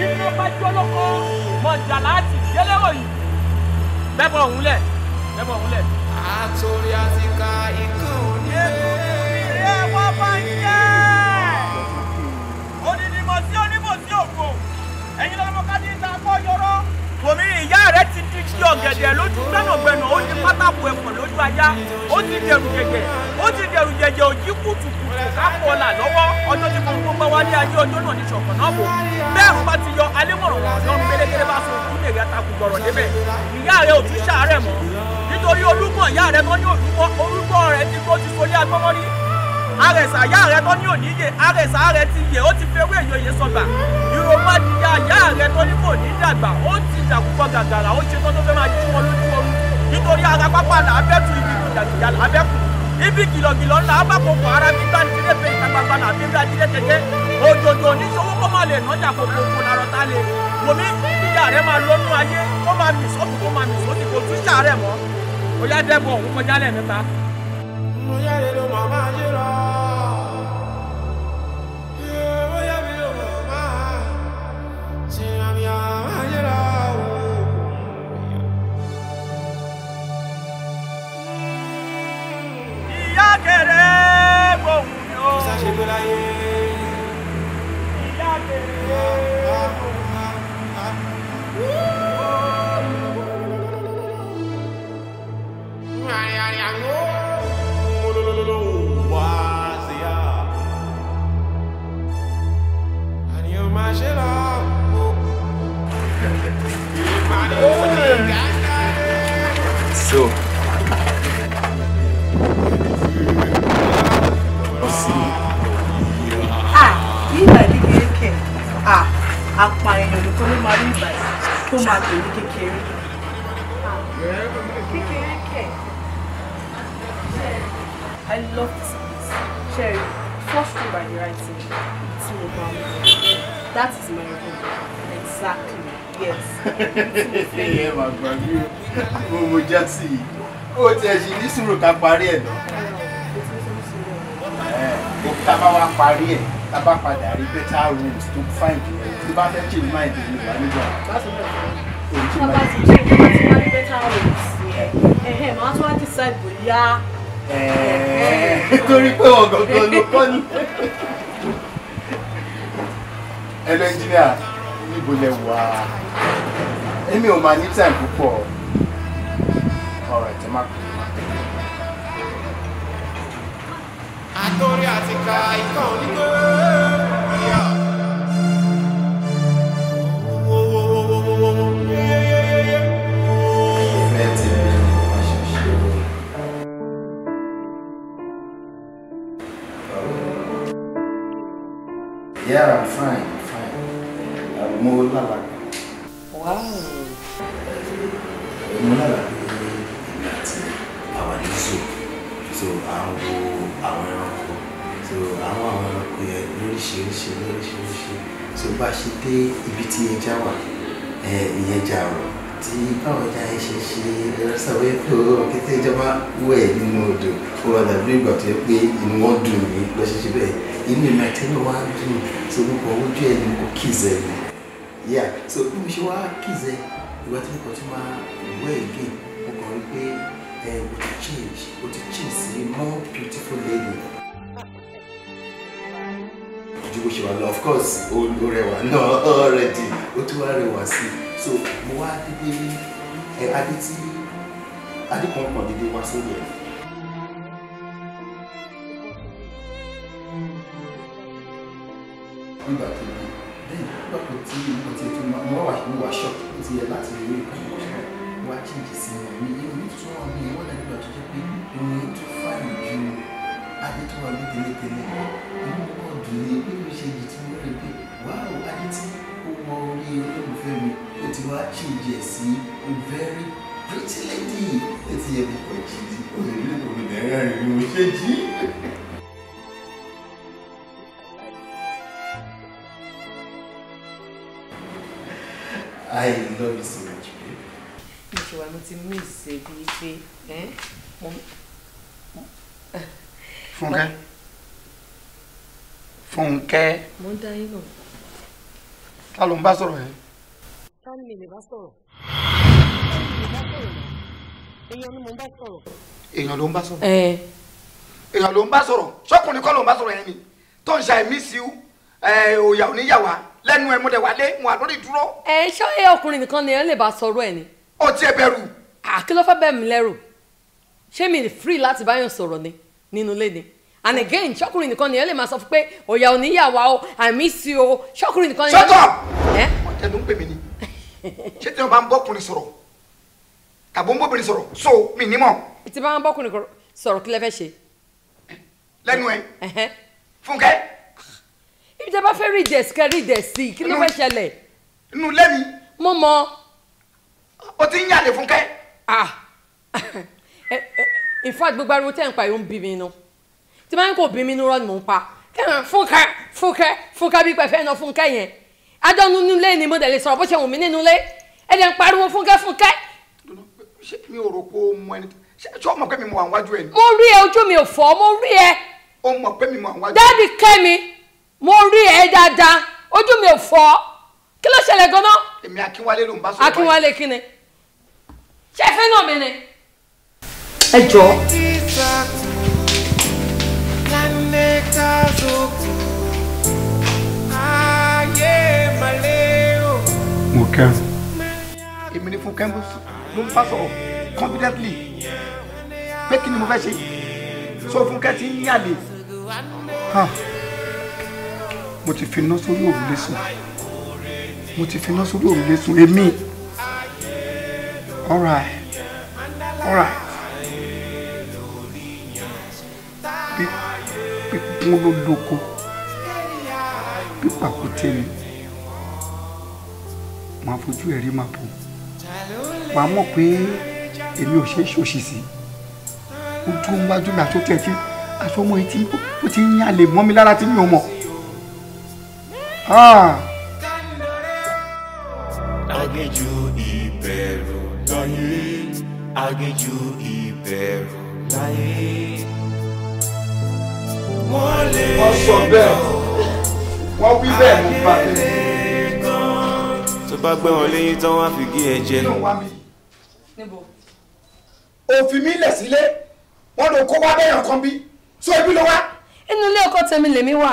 nínú pàjọ lóko mọ̀jà láti yẹlẹ́wọ̀ yìí bẹ́bọ̀ òun lẹ̀ bẹ́bọ̀ òun lẹ̀. àtòrí àti ka ikú ní èkó wọn bá ń jẹ́ onídìmọ̀ sí onímọ̀ sí òkò ẹ̀yin lọ́mọ ká ní kọ́ yọrọ. tòmí ìyá rẹ ti ọ̀gẹ̀dẹ̀ lójú gbẹ́nàgbẹ́nà ó ti pátákó ẹ̀fọ́ lójú ajá ó ti dẹrù jẹjẹ ó ti dẹrù jẹjẹ òjì kùtùkùtù kápọ̀ọ̀là lọ́wọ́ ọjọ́ tí gbogbo bá wálé ajé ọjọ́ náà ní ṣọ̀kan náà bò bẹ́ẹ̀ bá ti yọ alémọ̀ràn àrẹ̀sà ìyá rẹ̀ tó ní òníyè àrẹ̀sà rẹ̀ ti yè ó ti fẹ́wé èyí òye sọgbà tó bá ti ya àyá rẹ tó ní kò ní dàgbà ó ti dàkúkọ gàgàrà ó ṣe tán tó fẹ́ máa jí wọn lójú ọrùn nítorí ara pápá làábẹ́tù ibi ìjàkìjà làábẹ́kùn ibi kìlọ̀kìlọ̀ ńlá abákòókò ara gbígbá ní ilé ìfẹ́ ìtagbagba náà bí bíi ajílẹ̀ tẹ̀tẹ̀ òjòjò oníṣòwò kó má lè nájà kòkó kó lárọ̀ tá lè wòmí ìyá rẹ̀ máa lọ́nú ayé kó máa mì sọ́ọ̀tù kó máa mì sọ́ọ̀tù kó tún ìyá rẹ̀ mọ́ ó yá dẹ́bọ̀ òun kọjá lẹ́ẹ̀mẹ́ta. mo yára Get apààyàn nìkan ló máa rí ìbàdàn tó máa pè ní kékeré. kékeré kẹ̀. I love this place. Sherry, first thing by the right thing, it's no problem. That is my rule. Exactly. Yes. Ìyẹn máa gbàgbé o. Mo mo já sí i. Ó tiẹ̀ ṣì ní sùúrù ká parí ẹ̀ lọ. Ẹ̀ ká bá wa parí ẹ̀ ká bá padà rí better rooms tó find jù tí bá fẹ́ change mind mi wà nígbà. bàbá ti ṣe ìjọba ti máa ń better ways ẹ̀hẹ̀ máa tún wá decide bóyá. torí pé ọ̀gọ̀gọ̀ ló kọ́ ni. ẹlọ ẹnjíníà níbo lẹ wà èmi ò máa ní time púpọ̀ ọ̀rọ̀ ẹ̀tẹ̀ má kú. àtòrí àtìkà ikán onígbò. Yeah, I'm fine, I'm fine. I'm more lala. Wow. Mo lala pé So, I'm going to zoo. So à ń wo àwọn ẹranko. So àwọn àwọn ẹranko yẹn lóríṣiríṣi lóríṣiríṣi. So bá a ṣe dé ibi tí ẹja wà, ìyẹn já tí báwo ni ayé ṣe ṣe ìrẹsàwé tó kété ìjọba wẹ̀ nínú odò fún ọ̀dà bí ìgbà tó yẹ pé inú wọn dùn ní lọ́ṣẹ̀ṣẹ̀ bẹ́ẹ̀ inú ìmọ̀ ìtẹ́lẹ̀ wá dùn tó gbogbo ojú ẹ̀ ní kò kìzẹ̀ ni yà so bí mo ṣe wá kìzẹ̀ ìgbà tó kọ̀ tó máa wẹ̀ gé mo kàn rí pé ẹ eh, o ti change o ti change sí more beautiful lady ju bó ṣe wà lọ of course ó rẹwà náà already ó tún wá rẹwà sí i so mo wá dédé ẹ adé tí adé kan pọ̀ dédé wá sórí ẹ̀. nígbà tó yẹ bẹ́ẹ̀ nígbà tí nígbà tí ètò máa wá wàá wá ṣọ́ọ̀kì ó ti yẹ láti rí ìkànnì wá chíǹkì sí i mi ìròyìn tuntun wà mí ẹ̀ dàgbà tó jẹ́ pé ìròyìn tó f adétúnrọ ní tẹ́lẹ̀tẹ́lẹ̀ inú mi kàn dùn ní pé mi ṣe jù tí mo rí pé wáò ó mọ orí olólùfẹ́ mi ó ti wá ṣèjẹ́ sí a very pretty lady ó ti yẹ kó ó lè rí òun náírà rẹ̀ mo ṣe jì I love you so much, babe. Mo ṣe wà mo ti mú ìṣe bíi pé mo. Funke. Funke. mo ń da yín lọ. ta ló ń bá sọ̀rọ̀ yẹn. ta ni mi lè bá sọ̀rọ̀ èèyàn ló ń bá sọ̀rọ̀. èèyàn ló ń bá sọ̀rọ̀. èèyàn ló ń bá sọ̀rọ̀ sọ́kùnrin kọ́ ló ń bá sọ̀rọ̀ yẹn ni tó ń ṣàìmí sí òyà oníyàwá lẹ́nu ẹ̀ mo dẹ̀ wá mo àlọ́ lè dúró. ẹ ṣé ẹ ọkùnrin nìkan ni ẹ lè bá sọ̀rọ̀ ẹ ni. ó tiẹ̀ bẹ̀rù. àkìlọ́fẹ́ bẹ́ẹ̀ mi lẹ́rù ṣé mi free láti báyọ̀ sọ̀rọ̀ ni nínú ilé and again ṣọkùnrin nìkan nìyẹn lè máa sọ fún pé òyà oníyàwá o I miss you o ṣọkùnrin nìkan nìyẹn. sọtọ ọtẹ ló ń pè mí ni ṣé tí wọn bá ń bọkùnrin sọ̀rọ̀ tàbí ń bọbìnrin sọ̀rọ̀ so mi ni mọ. tí bá ń bọkùnrin sọ̀rọ̀ kí lẹ fẹ́ ṣe. lẹ́nu ẹ fúnkẹ́. ibi tí a bá fẹ́ rí ìdẹ̀ sí kẹ́ rí ìdẹ̀ sí kí ló fẹ́ ṣẹlẹ̀. inú lẹ́mi. mo mọ. o ti ń yàlè fúnkẹ́. ah eh, eh, in fact gbogbo ariwo tẹ́ ń pa yóò ń bí mi inú tí máa ń kó bí mi inú rọ ni mò ń pa kẹrin fúnkẹ fúnkẹ fúnkẹ bí pẹfẹ náà fúnkẹ yẹn adọ́nu nílé ni mo dẹ̀ lè sọ̀rọ̀ bó ṣe wù mí nínú ilé ẹ dẹ̀ ń pariwo fúnkẹ fúnkẹ. ṣé mi ò rò pé o mọ ẹni ṣé ṣé o mọ pé mi mọ àwọn wájú ẹ ni. mo rí ẹ ojú mi ò fọ mo rí ẹ. o mọ pé mi mọ àwọn wájú. dáàbì kẹ́mi mo rí ẹ dáadáa ojú mi ò fọ kí ló ṣẹlẹ̀ gan-an. èmi Akínwálé ló ń bá sọ̀rọ̀ báyìí. Akínwálé kí ni ṣé fẹ́ náà mi ni ẹ jọ. mo kẹ́rù. èmi ni fún kẹ́ńgó ló ń bá sọ̀rọ̀ confidently pé kí ni mo fẹ́ ṣe sọ fún kẹ́tì ń ní àlè. mo ti fi iná sórí òrùlé sùn mo ti fi iná sórí òrùlé sùn èmi. all right all right. pípọ́n ló lóko pípàkúté ni màá fojú ẹ̀ rí màá bò wàá mọ̀ pé èmi ò ṣe é ṣòṣì sí ó dúró níwájú mi àtúntò ẹ̀ tí aṣọ ti ń yàn lè mi lára tí mi ò mọ̀. Ah! aginjù ìbẹ̀rù láyé aginjù ìbẹ̀rù láyé wọ́n sọ bẹ́ẹ̀ wọ́n wí bẹ́ẹ̀ mo bá bẹ́ẹ̀. tó bá gbé wọn léyìn tán wá fi gé ẹ jẹ. òfin mi lẹ̀ sílé wọ́n ló kó wá bẹ́yàn kan bí so ebi ló wá. inú ilé ọkọ tèmi lèmi wà.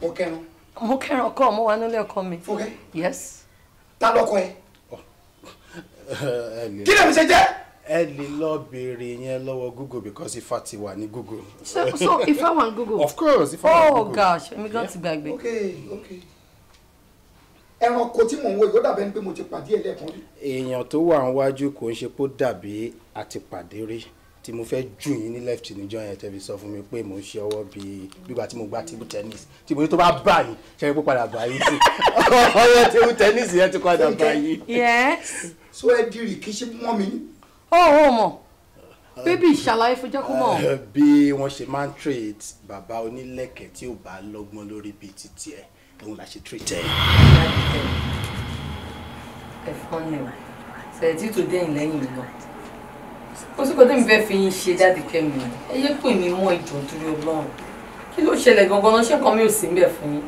mo kẹran. mo kẹran ọkọ mo wà nílé ọkọ mi. fúnkẹ́. yes. ta lọkọ ẹ. kí lè mi ṣe jẹ́ ẹ lè lọ béèrè yẹn lọ́wọ́ google because ifá ti wà ní google. so so ifá wà ní google. of course ifá wà ní oh, google. oh gosh èmi gan ti gbàgbé. ok ok ẹranko tí mò ń wo yìí ó dàbẹ́ ni pé mo ti pàdé ẹ̀ lẹ́ẹ̀kan rí. èèyàn tó wà níwájú kò ń ṣe pé ó dàbí àtìpàdé rí tí mo fẹ́ jù yín ní left níjọ́ yẹn tẹ́ fi sọ fún mi pé mo ń ṣe ọwọ́ bíi gbígbà tí mo gba table tennis tí mo ní tó bá bá yín ṣe é kó padà bá yín sí ọwọ́ table tennis yẹn ti padà bá yín. yes. so ẹ dirì kí ṣe mọ́ mi ó mọ̀ bébí ìṣàlàyé fún jẹ́ kó mọ̀. Eh, bí wọ́n ṣe máa ń treat bàbá onílẹ̀kẹ̀ tí ò bá lọ́gbọ́n lórí bíi títí ẹ̀ òun là ṣe treat ẹ̀. ẹ̀fọn ni o sẹ̀tì tó dẹ́yìn lẹ́yìn mi lọ ó sì kọ́ tẹ́mi fẹ́ fi yín ṣe jáde kẹ́mi ẹ yé pè mí mọ́ ìjọ torí ọlọ́run kí ló ṣẹlẹ̀ gangan ṣé nǹkan mi ò sí ń bẹ̀ fún yín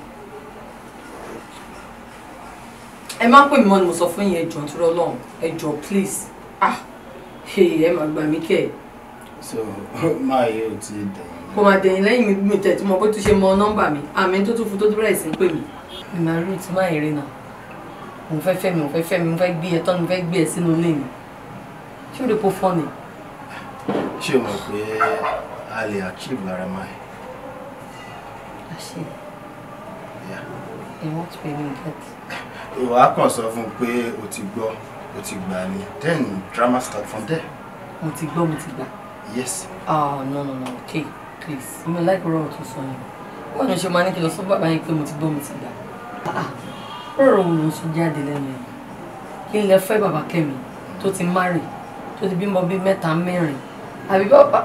ẹ má pè mí mọ́ ni mo sọ fún yín ẹ jọ̀ọ́ torí ọlọ́run ẹ jọ̀ọ́ please ah ṣe ẹ máa gbà mí kẹ́ ẹ̀. so máa yóò ti dẹ̀yìn. kò máa dẹ̀yìn lẹ́yìn mi mi tẹ̀tí mọ bó tún ṣe mọ nọ́mbà mi àmì tó tún fún tó tún bẹ̀rẹ̀ sí ń pè mí. ìmọ̀ rú ti máa ìrìn náà mo fẹ́ fẹ́ mi mo fẹ́ fẹ́ mi mo fẹ́ gbé ẹ tán mo fẹ́ gbé ẹ sínú ilé mi ṣé o lè kó fọ́ ni. ṣé o mọ̀ pé a lè achieve lára máa yẹ. a ṣe ìwọ́n ti pè mí gẹ́tì. ìwà á kàn sọ fún un pé o ti gbọ́ o ti gbà ni then drama start from there. mo ti gbọ́ mo ti gbà. yes. ah no no no okay please mi like rọrùn tó sọ yẹn wọn ní ṣe máa ní kí lọ sọ bàbá yẹn pé mo ti gbọ́ mo ti gbà. Ah, ah. rọrọ wo ló ń sọ jáde lẹ́nu ẹ̀ kí n lè fẹ́ bàbá kẹ́mi tó ti márì tó ti bímọ bíi mẹ́ta mẹ́rin àbí bàbá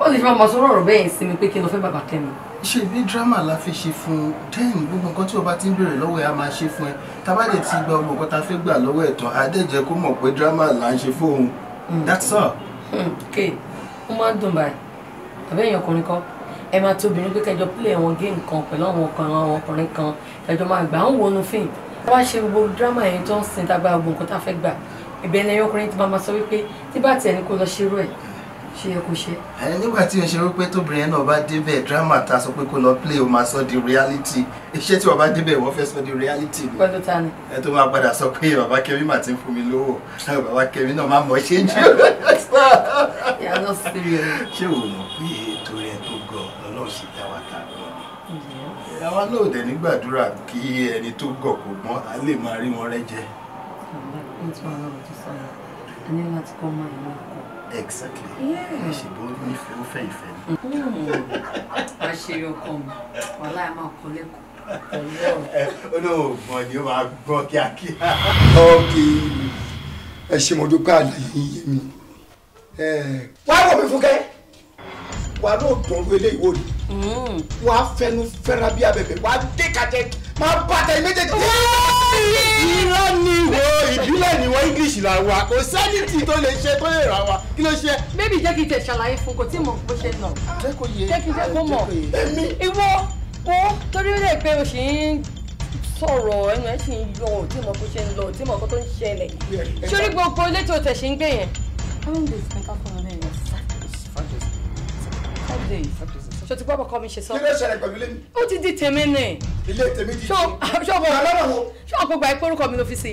ó sì fi máa sọ rọrọ bẹ́ẹ̀ sí mi pé kí n lọ fẹ́ bàbá kẹ́mi ṣe bí drama la fi ṣe fún un dẹ́yìn gbogbo nǹkan tí o bá ti ń béèrè lọ́wọ́ ẹ̀ a máa ṣe fún ẹ tabade ti gba gbogbo nǹkan ta fẹ́ gbà lọ́wọ́ ẹ̀ tán adẹ́jẹ́ kó mọ̀ pé dírámà là ń ṣe fóun hmm. that's all. Hmm, ké ó máa ń dùn báyìí àbẹ́ èèyàn ọkùnrin kan ẹ máa tó obìnrin pé kẹjọ pílẹ̀ wọn gé nǹkan pẹ̀lú àwọn ọkùnrin àwọn ọkùnrin kan kẹjọ máa gbà ń wọnú fíìmù tá bá ṣe gbogbo dírámà yẹn tó ń sin tagbá gbogbo nǹkan tá fẹ́ gbà ìbẹ̀lẹ̀ ọkùnrin ti máa sọ wípé tí bá tiẹ̀ ní kó lọ ṣerú ẹ̀ ṣe yẹ kó ṣe. ẹ nígbà tí o ṣe wípé tóbìnrin náà bá débẹ̀ drama ta sọ pé kó lọ play o máa sọ di reality iṣẹ́ tí bàbá débẹ̀ wọ́n fẹ́ sọ di reality ni. pẹ̀lú ta ni. ẹ tó máa padà sọ pé bàbá Kẹ́mi mà ti ń fún mi lówó bàbá Kẹ́mi náà máa mọ̀ ṣe jù. ṣé o mọ̀ pé ètò rẹ tó gọ̀ lọ́lọ́run ṣe dá wa ta àwa náà dẹ̀ nígbàdúrà kí ẹni tó gọ̀ kó gbọ́n á lè máa rí wọn rẹ́ jẹ. ọ̀la ẹ̀ tí wọ́n lọ́wọ́ ti sọ̀rọ̀ a ní láti kọ́ mọ́ ìwọ́n exactly She ẹ ṣe bó nífẹ̀ẹ́ ó fẹ́ ìfẹ́ ni. you ṣe ọkọ mi wàhálà máa kọ lẹ́kọ̀ọ́ olóògbọ̀n ni ó máa gbọ́ kíákíá. ọ̀kì ẹ ṣe mo dúpẹ́ àlàyé yìí mi. wá wọ̀ mí fúnkẹ́ wà lóòótọ́ eléyìí wò ni mm. wà á fẹnu fẹ́ra bí abẹ̀bẹ̀ wà á dé kájẹ́ kí máa bá tẹ̀lé méjèèjì. irọ́ ni ìwọ ìbílẹ̀ ni ìwọ english là wà kò sẹ́nìtì tó lè ṣe tó lè rà wá kí ló ṣe. bébì jẹ́ kí n tẹ̀ ṣàlàyé fún kò tí mò bó ṣe nà. jẹ́ kí n jẹ́ kó mọ̀. èmi. ìwọ kó torí lè pé o ṣì ń sọ̀rọ̀ ẹnu ẹ̀ sì ń yọ ọ̀ tí mo bó ṣe ń lọ tí mo kọ́ tó ń ṣẹlẹ̀. sórí gbogbo létò tẹ̀ ṣe ń gbé yẹn. how many days can I come for another year? five days ṣe ti gbọ́ bọ̀kọ mi ṣe sọ. kí ló ṣẹlẹ̀ pẹ̀lú ilé mi. ó ti di tèmi nì. ilé tèmi di. ṣọ́ọ̀bù gbà pé orúkọ mi ló fi sí.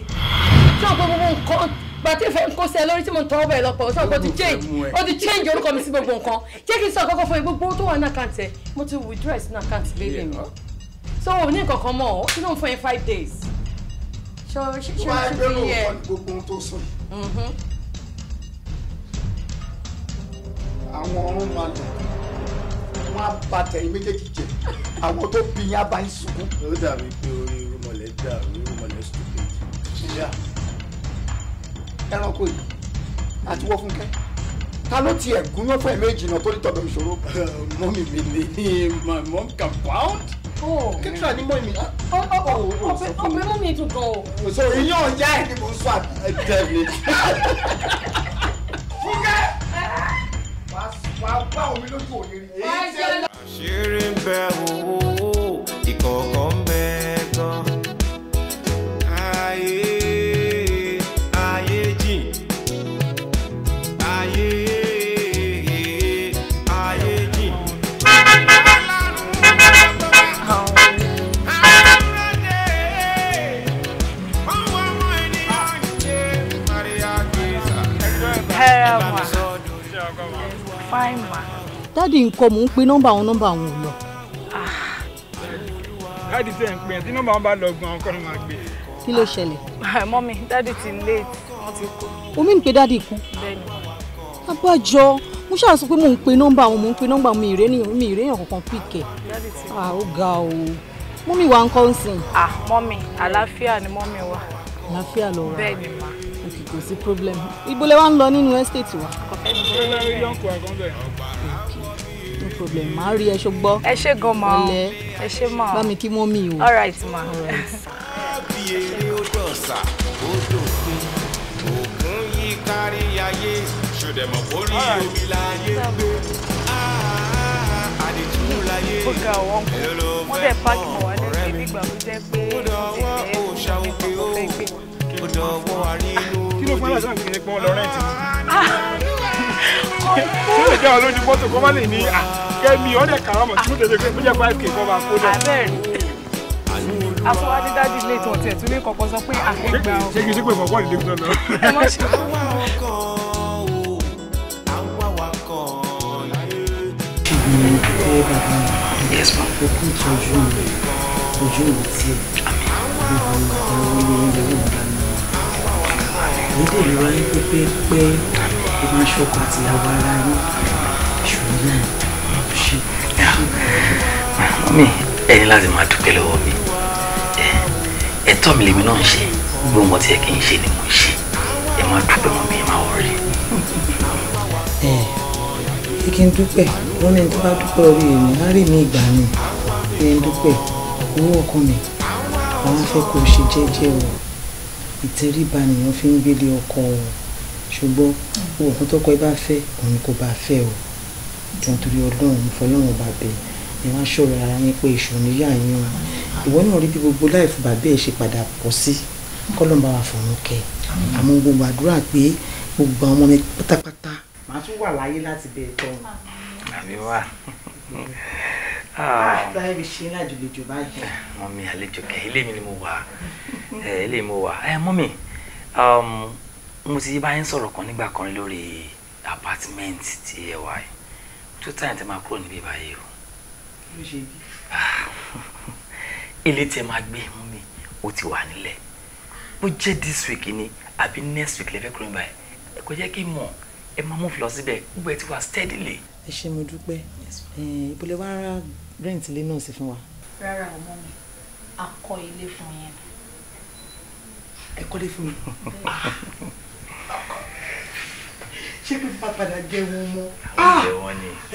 ṣọ́ọ̀bù gbogbo nǹkan gbàtí ìfẹ́ ń sí ẹ lórí tí mo ń tọ́ ọbẹ̀ lọ́pọ̀ ọ̀sán kò ti change ó ti change orúkọ mi sí gbogbo nǹkan jẹ́ kí n sọ kọ́kọ́ fún gbogbo tó wà ní àkáǹtì ẹ̀ mo ti withdraw sí ní bébì mi so ò ní nǹkan kan mọ́ ọ́ kí fún yín five days. ṣọ ṣe ṣe yẹ. wọ́n á gbẹ́rù gbogbo ni wọ́n á ba tẹ̀yìn méjèèjì jẹ àwọn tó bí yín á bá yín sunkún. ó dàbí pé orí irúmọlẹ̀ dàrú irúmọlẹ̀ stupid. ẹranko yìí àti wọ́n fúnkẹ́ ta ló tiẹ̀ gúnyán fún ẹ̀mí ìjìnà tó lítọ̀dọ̀ ìṣòro. mọ́mì mi ni my mom compound. Oh, kíkìrà ni mọ́mì ah, ah, ah, oh, oh, mi. ọbẹ̀ mọ́mì dùn gan o. so iyán ọjà ẹ̀ ni mo ń sọ àbí. ẹ tẹ̀lé. fúnkẹ́ wàá wá omi lójú òní ṣeré ń bẹ owó ìkọ̀ọ̀kan. dádì nǹkan mò ń pe nọ́mbà àwọn nọ́mbà àwọn ò lọ. Ah. dádì tẹ̀ ń pè ẹ́ tí nọ́mbà wọn bá lọ gan ọkọ ni màá gbé. kí ló ṣẹlẹ̀. Ah, mọ́mí dádì ti late wọ́n ti kú. omi ń pe dádì kú. bẹ́ẹ̀ni. abájọ mo ṣáà pé mò ń pe nọ́mbà àwọn mò ń pe nọ́mbà mi ìrẹ́yìn mi ìrẹ́yìn kankan pìkẹ́. dádì ti ah, o mọ́mí ń kọ́ ah mọ́mí àlàáfíà ni mọ́mí wa. àlàáfíà lọ ra bẹ́ẹ̀ ni ma. kò sí problem ibo lẹ wá ń lọ nínú estate wa. ọ̀pẹ̀ mi ló yọ̀ǹkù àgọ́ńbẹ̀ problem màá rí ẹ ṣùgbọ́. ẹ ṣe gan ma ọ ẹ ṣe ma ọ bá mi kí mọ́ mi o. all right ma. bí eré ó dọ̀sà ó dòfin òkun yí kárí ayé ṣòdẹ̀mọ̀ kó rí omi láyé gbé ah, ah, ah, àdìtún láyé èlò ló fẹ́ ọ̀rẹ́ mi ó dọ̀wọ́ òòṣà òkè ó ó dọ̀wọ́ àrínú òde. kí ló fẹ́ láti ṣàkíyèsí pé wọ́n lọ rẹ́ǹtì. ṣé ìjà olójú mọ́tò kọ́ má lè ní kẹ́mi ọ̀dẹ̀ kàrámọ̀ tí mo tẹ̀lé pé ó jẹ́ five k kọ́ máa kó dẹ̀. dájú ilé ìtàn tiẹ̀ tún lè kọ̀kọ́ sọ pé àgbègbè àwọn. ṣé kì í ṣe pé ìfọ̀kọ́ ìdílé tó lọ. ẹ má ṣe kó wà ọkọ̀ òkú ìtọ́jú mi ojú mi tí ìwọ nǹkan orí oúnjẹ wò dáná. nídìí ìlú ayé pépé pé ìmọ̀ aṣọ́kọ̀ àtìyàwó ara yín ṣùgbọ́n náà ṣe mọ́mí ẹ̀yin láti máa dúpẹ́ lọ́wọ́ mi ẹ̀tọ́ mi lèmi náà ń ṣe gbogbo nǹkan tí ẹ kì í ṣe ni mo ń ṣe ẹ máa dúpẹ́ mọ́mí ẹ máa wọrí. ẹ ẹ kí n dúpẹ́ wọ́n ní tó bá dúpẹ́ orí èmi á rí mi ìgbà mi kí n dúpẹ́ owó ọkọ mi àwọn afẹ́ kò ṣe jẹ́jẹ́ o ìtẹríba nìyẹn fi ń gbélé ọkọ o ṣùgbọ́n owó ọ̀kan tọkọ ẹ bá fẹ́ òun kò bá fẹ́ o nítorí ọlọ́run ìfọlọ́run bàbẹ̀ ẹ wá ṣọ̀rọ̀ ara yín pé ìṣòro níyà yín o ìwọ náà rí bí gbogbo láìfù bàbẹ̀ ẹ̀ ṣe padà pọ̀ sí kọ́lọ́mbà wà fún un kẹ́ àmọ́ gbogbo àdúrà pé gbogbo àwọn ọmọ mi pátápátá màá tún wà láyé láti bẹ̀ tọ́ àmì wà láì ah, fi ṣe lájòlejò báyìí. Eh, mọ́mí àlejò kẹ́ ilé mi ni mo wà eh, ilé mi wà eh, mọ́mí um, mo ti bá yín sọ̀rọ̀ kan nígbà kan lórí apartment tí ẹ wà yìí tó táyà tẹ máa kúrò níbí báyìí o. ilé tẹ máa gbé mú mi ó ti wà nílẹ̀ bó jẹ́ this week ni àbí next week lẹ́fẹ̀ẹ́ kúrò báyìí ẹ kò jẹ́ kí mọ̀ ẹ máa mú lọ síbẹ̀ gbogbo ẹ ti wà steadily. ẹ ṣé mo dúpẹ́ ìbúlẹ̀ eh, wá rà rent ilé náà sí fún wa. rárá ọmọ mi a kọ́ ilé fún yẹn. ẹ kọ́lé fún mi. ṣé pé bá padà jẹ wọn mọ ah!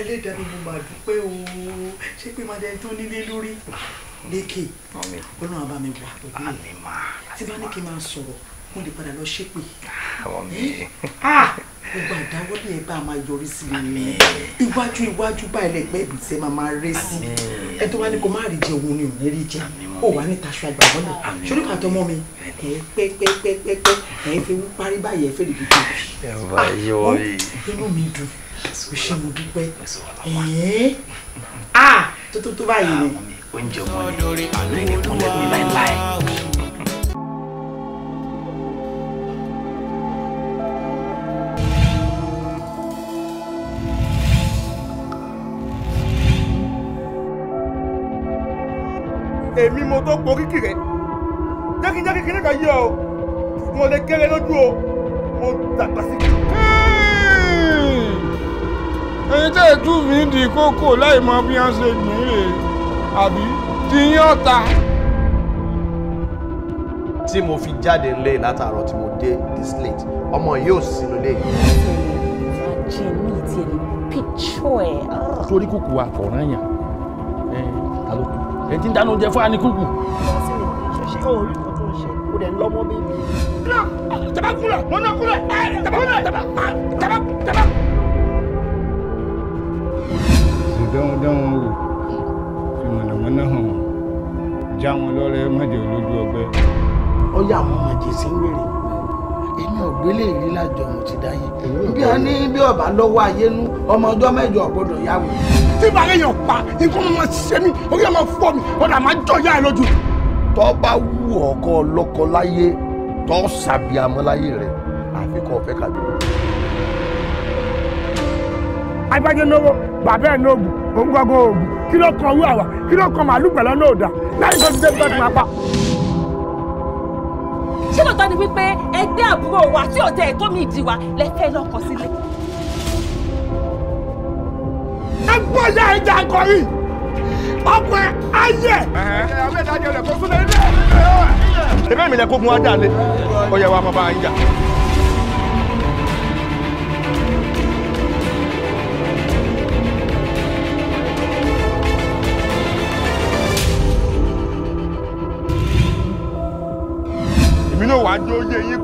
ẹlẹ́dàá ni máa dúpẹ́ o ṣé pé máa dẹni tó nílé lórí lékè ọlọ́run àbámi wà pẹ̀lú ẹ̀ tí bá ní kí n máa sọ̀rọ̀ mo lè padà lọ ṣépè. àwọn mi. gbogbo àdáwọ́lé ẹ bá máa yọrí sí mi iwájú iwájú bá ẹlẹgbẹ́ ìbùsẹ̀ máa máa ré sí i ẹ tó wá ní kó má rí jẹ òun ni ò ní rí jẹ ó wà ní taṣọ àgbàwọlẹ sórí pàtó ọmọ mi ẹ pẹpẹpẹpẹ ẹ fi wú parí báyìí ẹ fẹ́ lè dìde. ẹ bá yọ ọ yìí. inú mi dùn o ṣe mo dúpẹ́ ẹ̀ẹ́ a tó tó tó báyìí ni. oúnjẹ ọmọ ni àlọ́ ẹ̀dẹ̀kùnlẹ̀kùn láéláé. èmi mo tó po kíkì rẹ jẹ́kíjẹ́kí kí ní ká yé ọ mo lè kéré lójú o mo dàgbà sí. Hmm. ẹyin tẹ́ ẹ tú mi di kókó láì mọ bí wọ́n ṣe gbìn ín rèé àbí ti yín ọ̀tá. tí mo fi jáde nílé látàárọ̀ tí mo dé this late ọmọ yóò sí lólè yìí. ṣe ni ìtajì ti ẹ̀ píṣọ́ ẹ̀. torí kúkú wa kò ẹ̀ ti ń dáná oúnjẹ fún anikúkú. ṣe orí kan tó ń ṣe kó dẹ̀ ń lọ́mọ bí. tàbá kúlẹ̀ wọn náà kúlẹ̀ tàbá kúlẹ̀ tàbá tàbá. ṣe dánwó dánwó wò fi mọ̀nàmọ́ná hàn wọ́n já wọn lọ́rẹ́ mọ́jọ́ lójú ọgbẹ́. ó àwọn màjèsí ń wèrè ògbélé yìí lájọ mo ti dáyé bí wọn ní bí ọba lọ́wọ́ ayé nú ọmọ ọjọ́ mẹ́jọ ọgbọ́dọ̀ yá wò. tí ìbára yẹn pa nǹkan máa ṣe mí orí ọmọ fọ mi ọ̀dà máa jọ yá ẹ lójú. tó bá wù ọkọ ọlọ́kọ láyé tó ṣàbíamọ láyé rẹ àfikún ọfẹ kàbí. agbájẹ náwó bàbá ẹ náà ògùn òun gbọgbọ ògùn kí ló kan owó àwà kí ló kan màálù pẹ̀lú náà dà láyé tó ti dé bẹ́ẹ̀ tó máa pa ṣé lóòótọ́ ni wípé ẹgbẹ́ àbúrò wa tí ò tẹ ẹ̀tọ́ mi ìdí wa lẹ́fẹ́ lọ́kọ sílé. ẹ gbọ́ ya ẹja àgọ́rì ọkọ̀ ẹ ayẹ. ẹ̀ẹ́dẹ́gbẹ̀rún ẹ̀dájọ́ lẹ̀ kó súnlẹ̀ ilé. ẹ̀ẹ́dẹ́gbẹ̀rún ẹ̀dájọ́ lẹ̀ kó súnlẹ̀ ilé. máa jó yín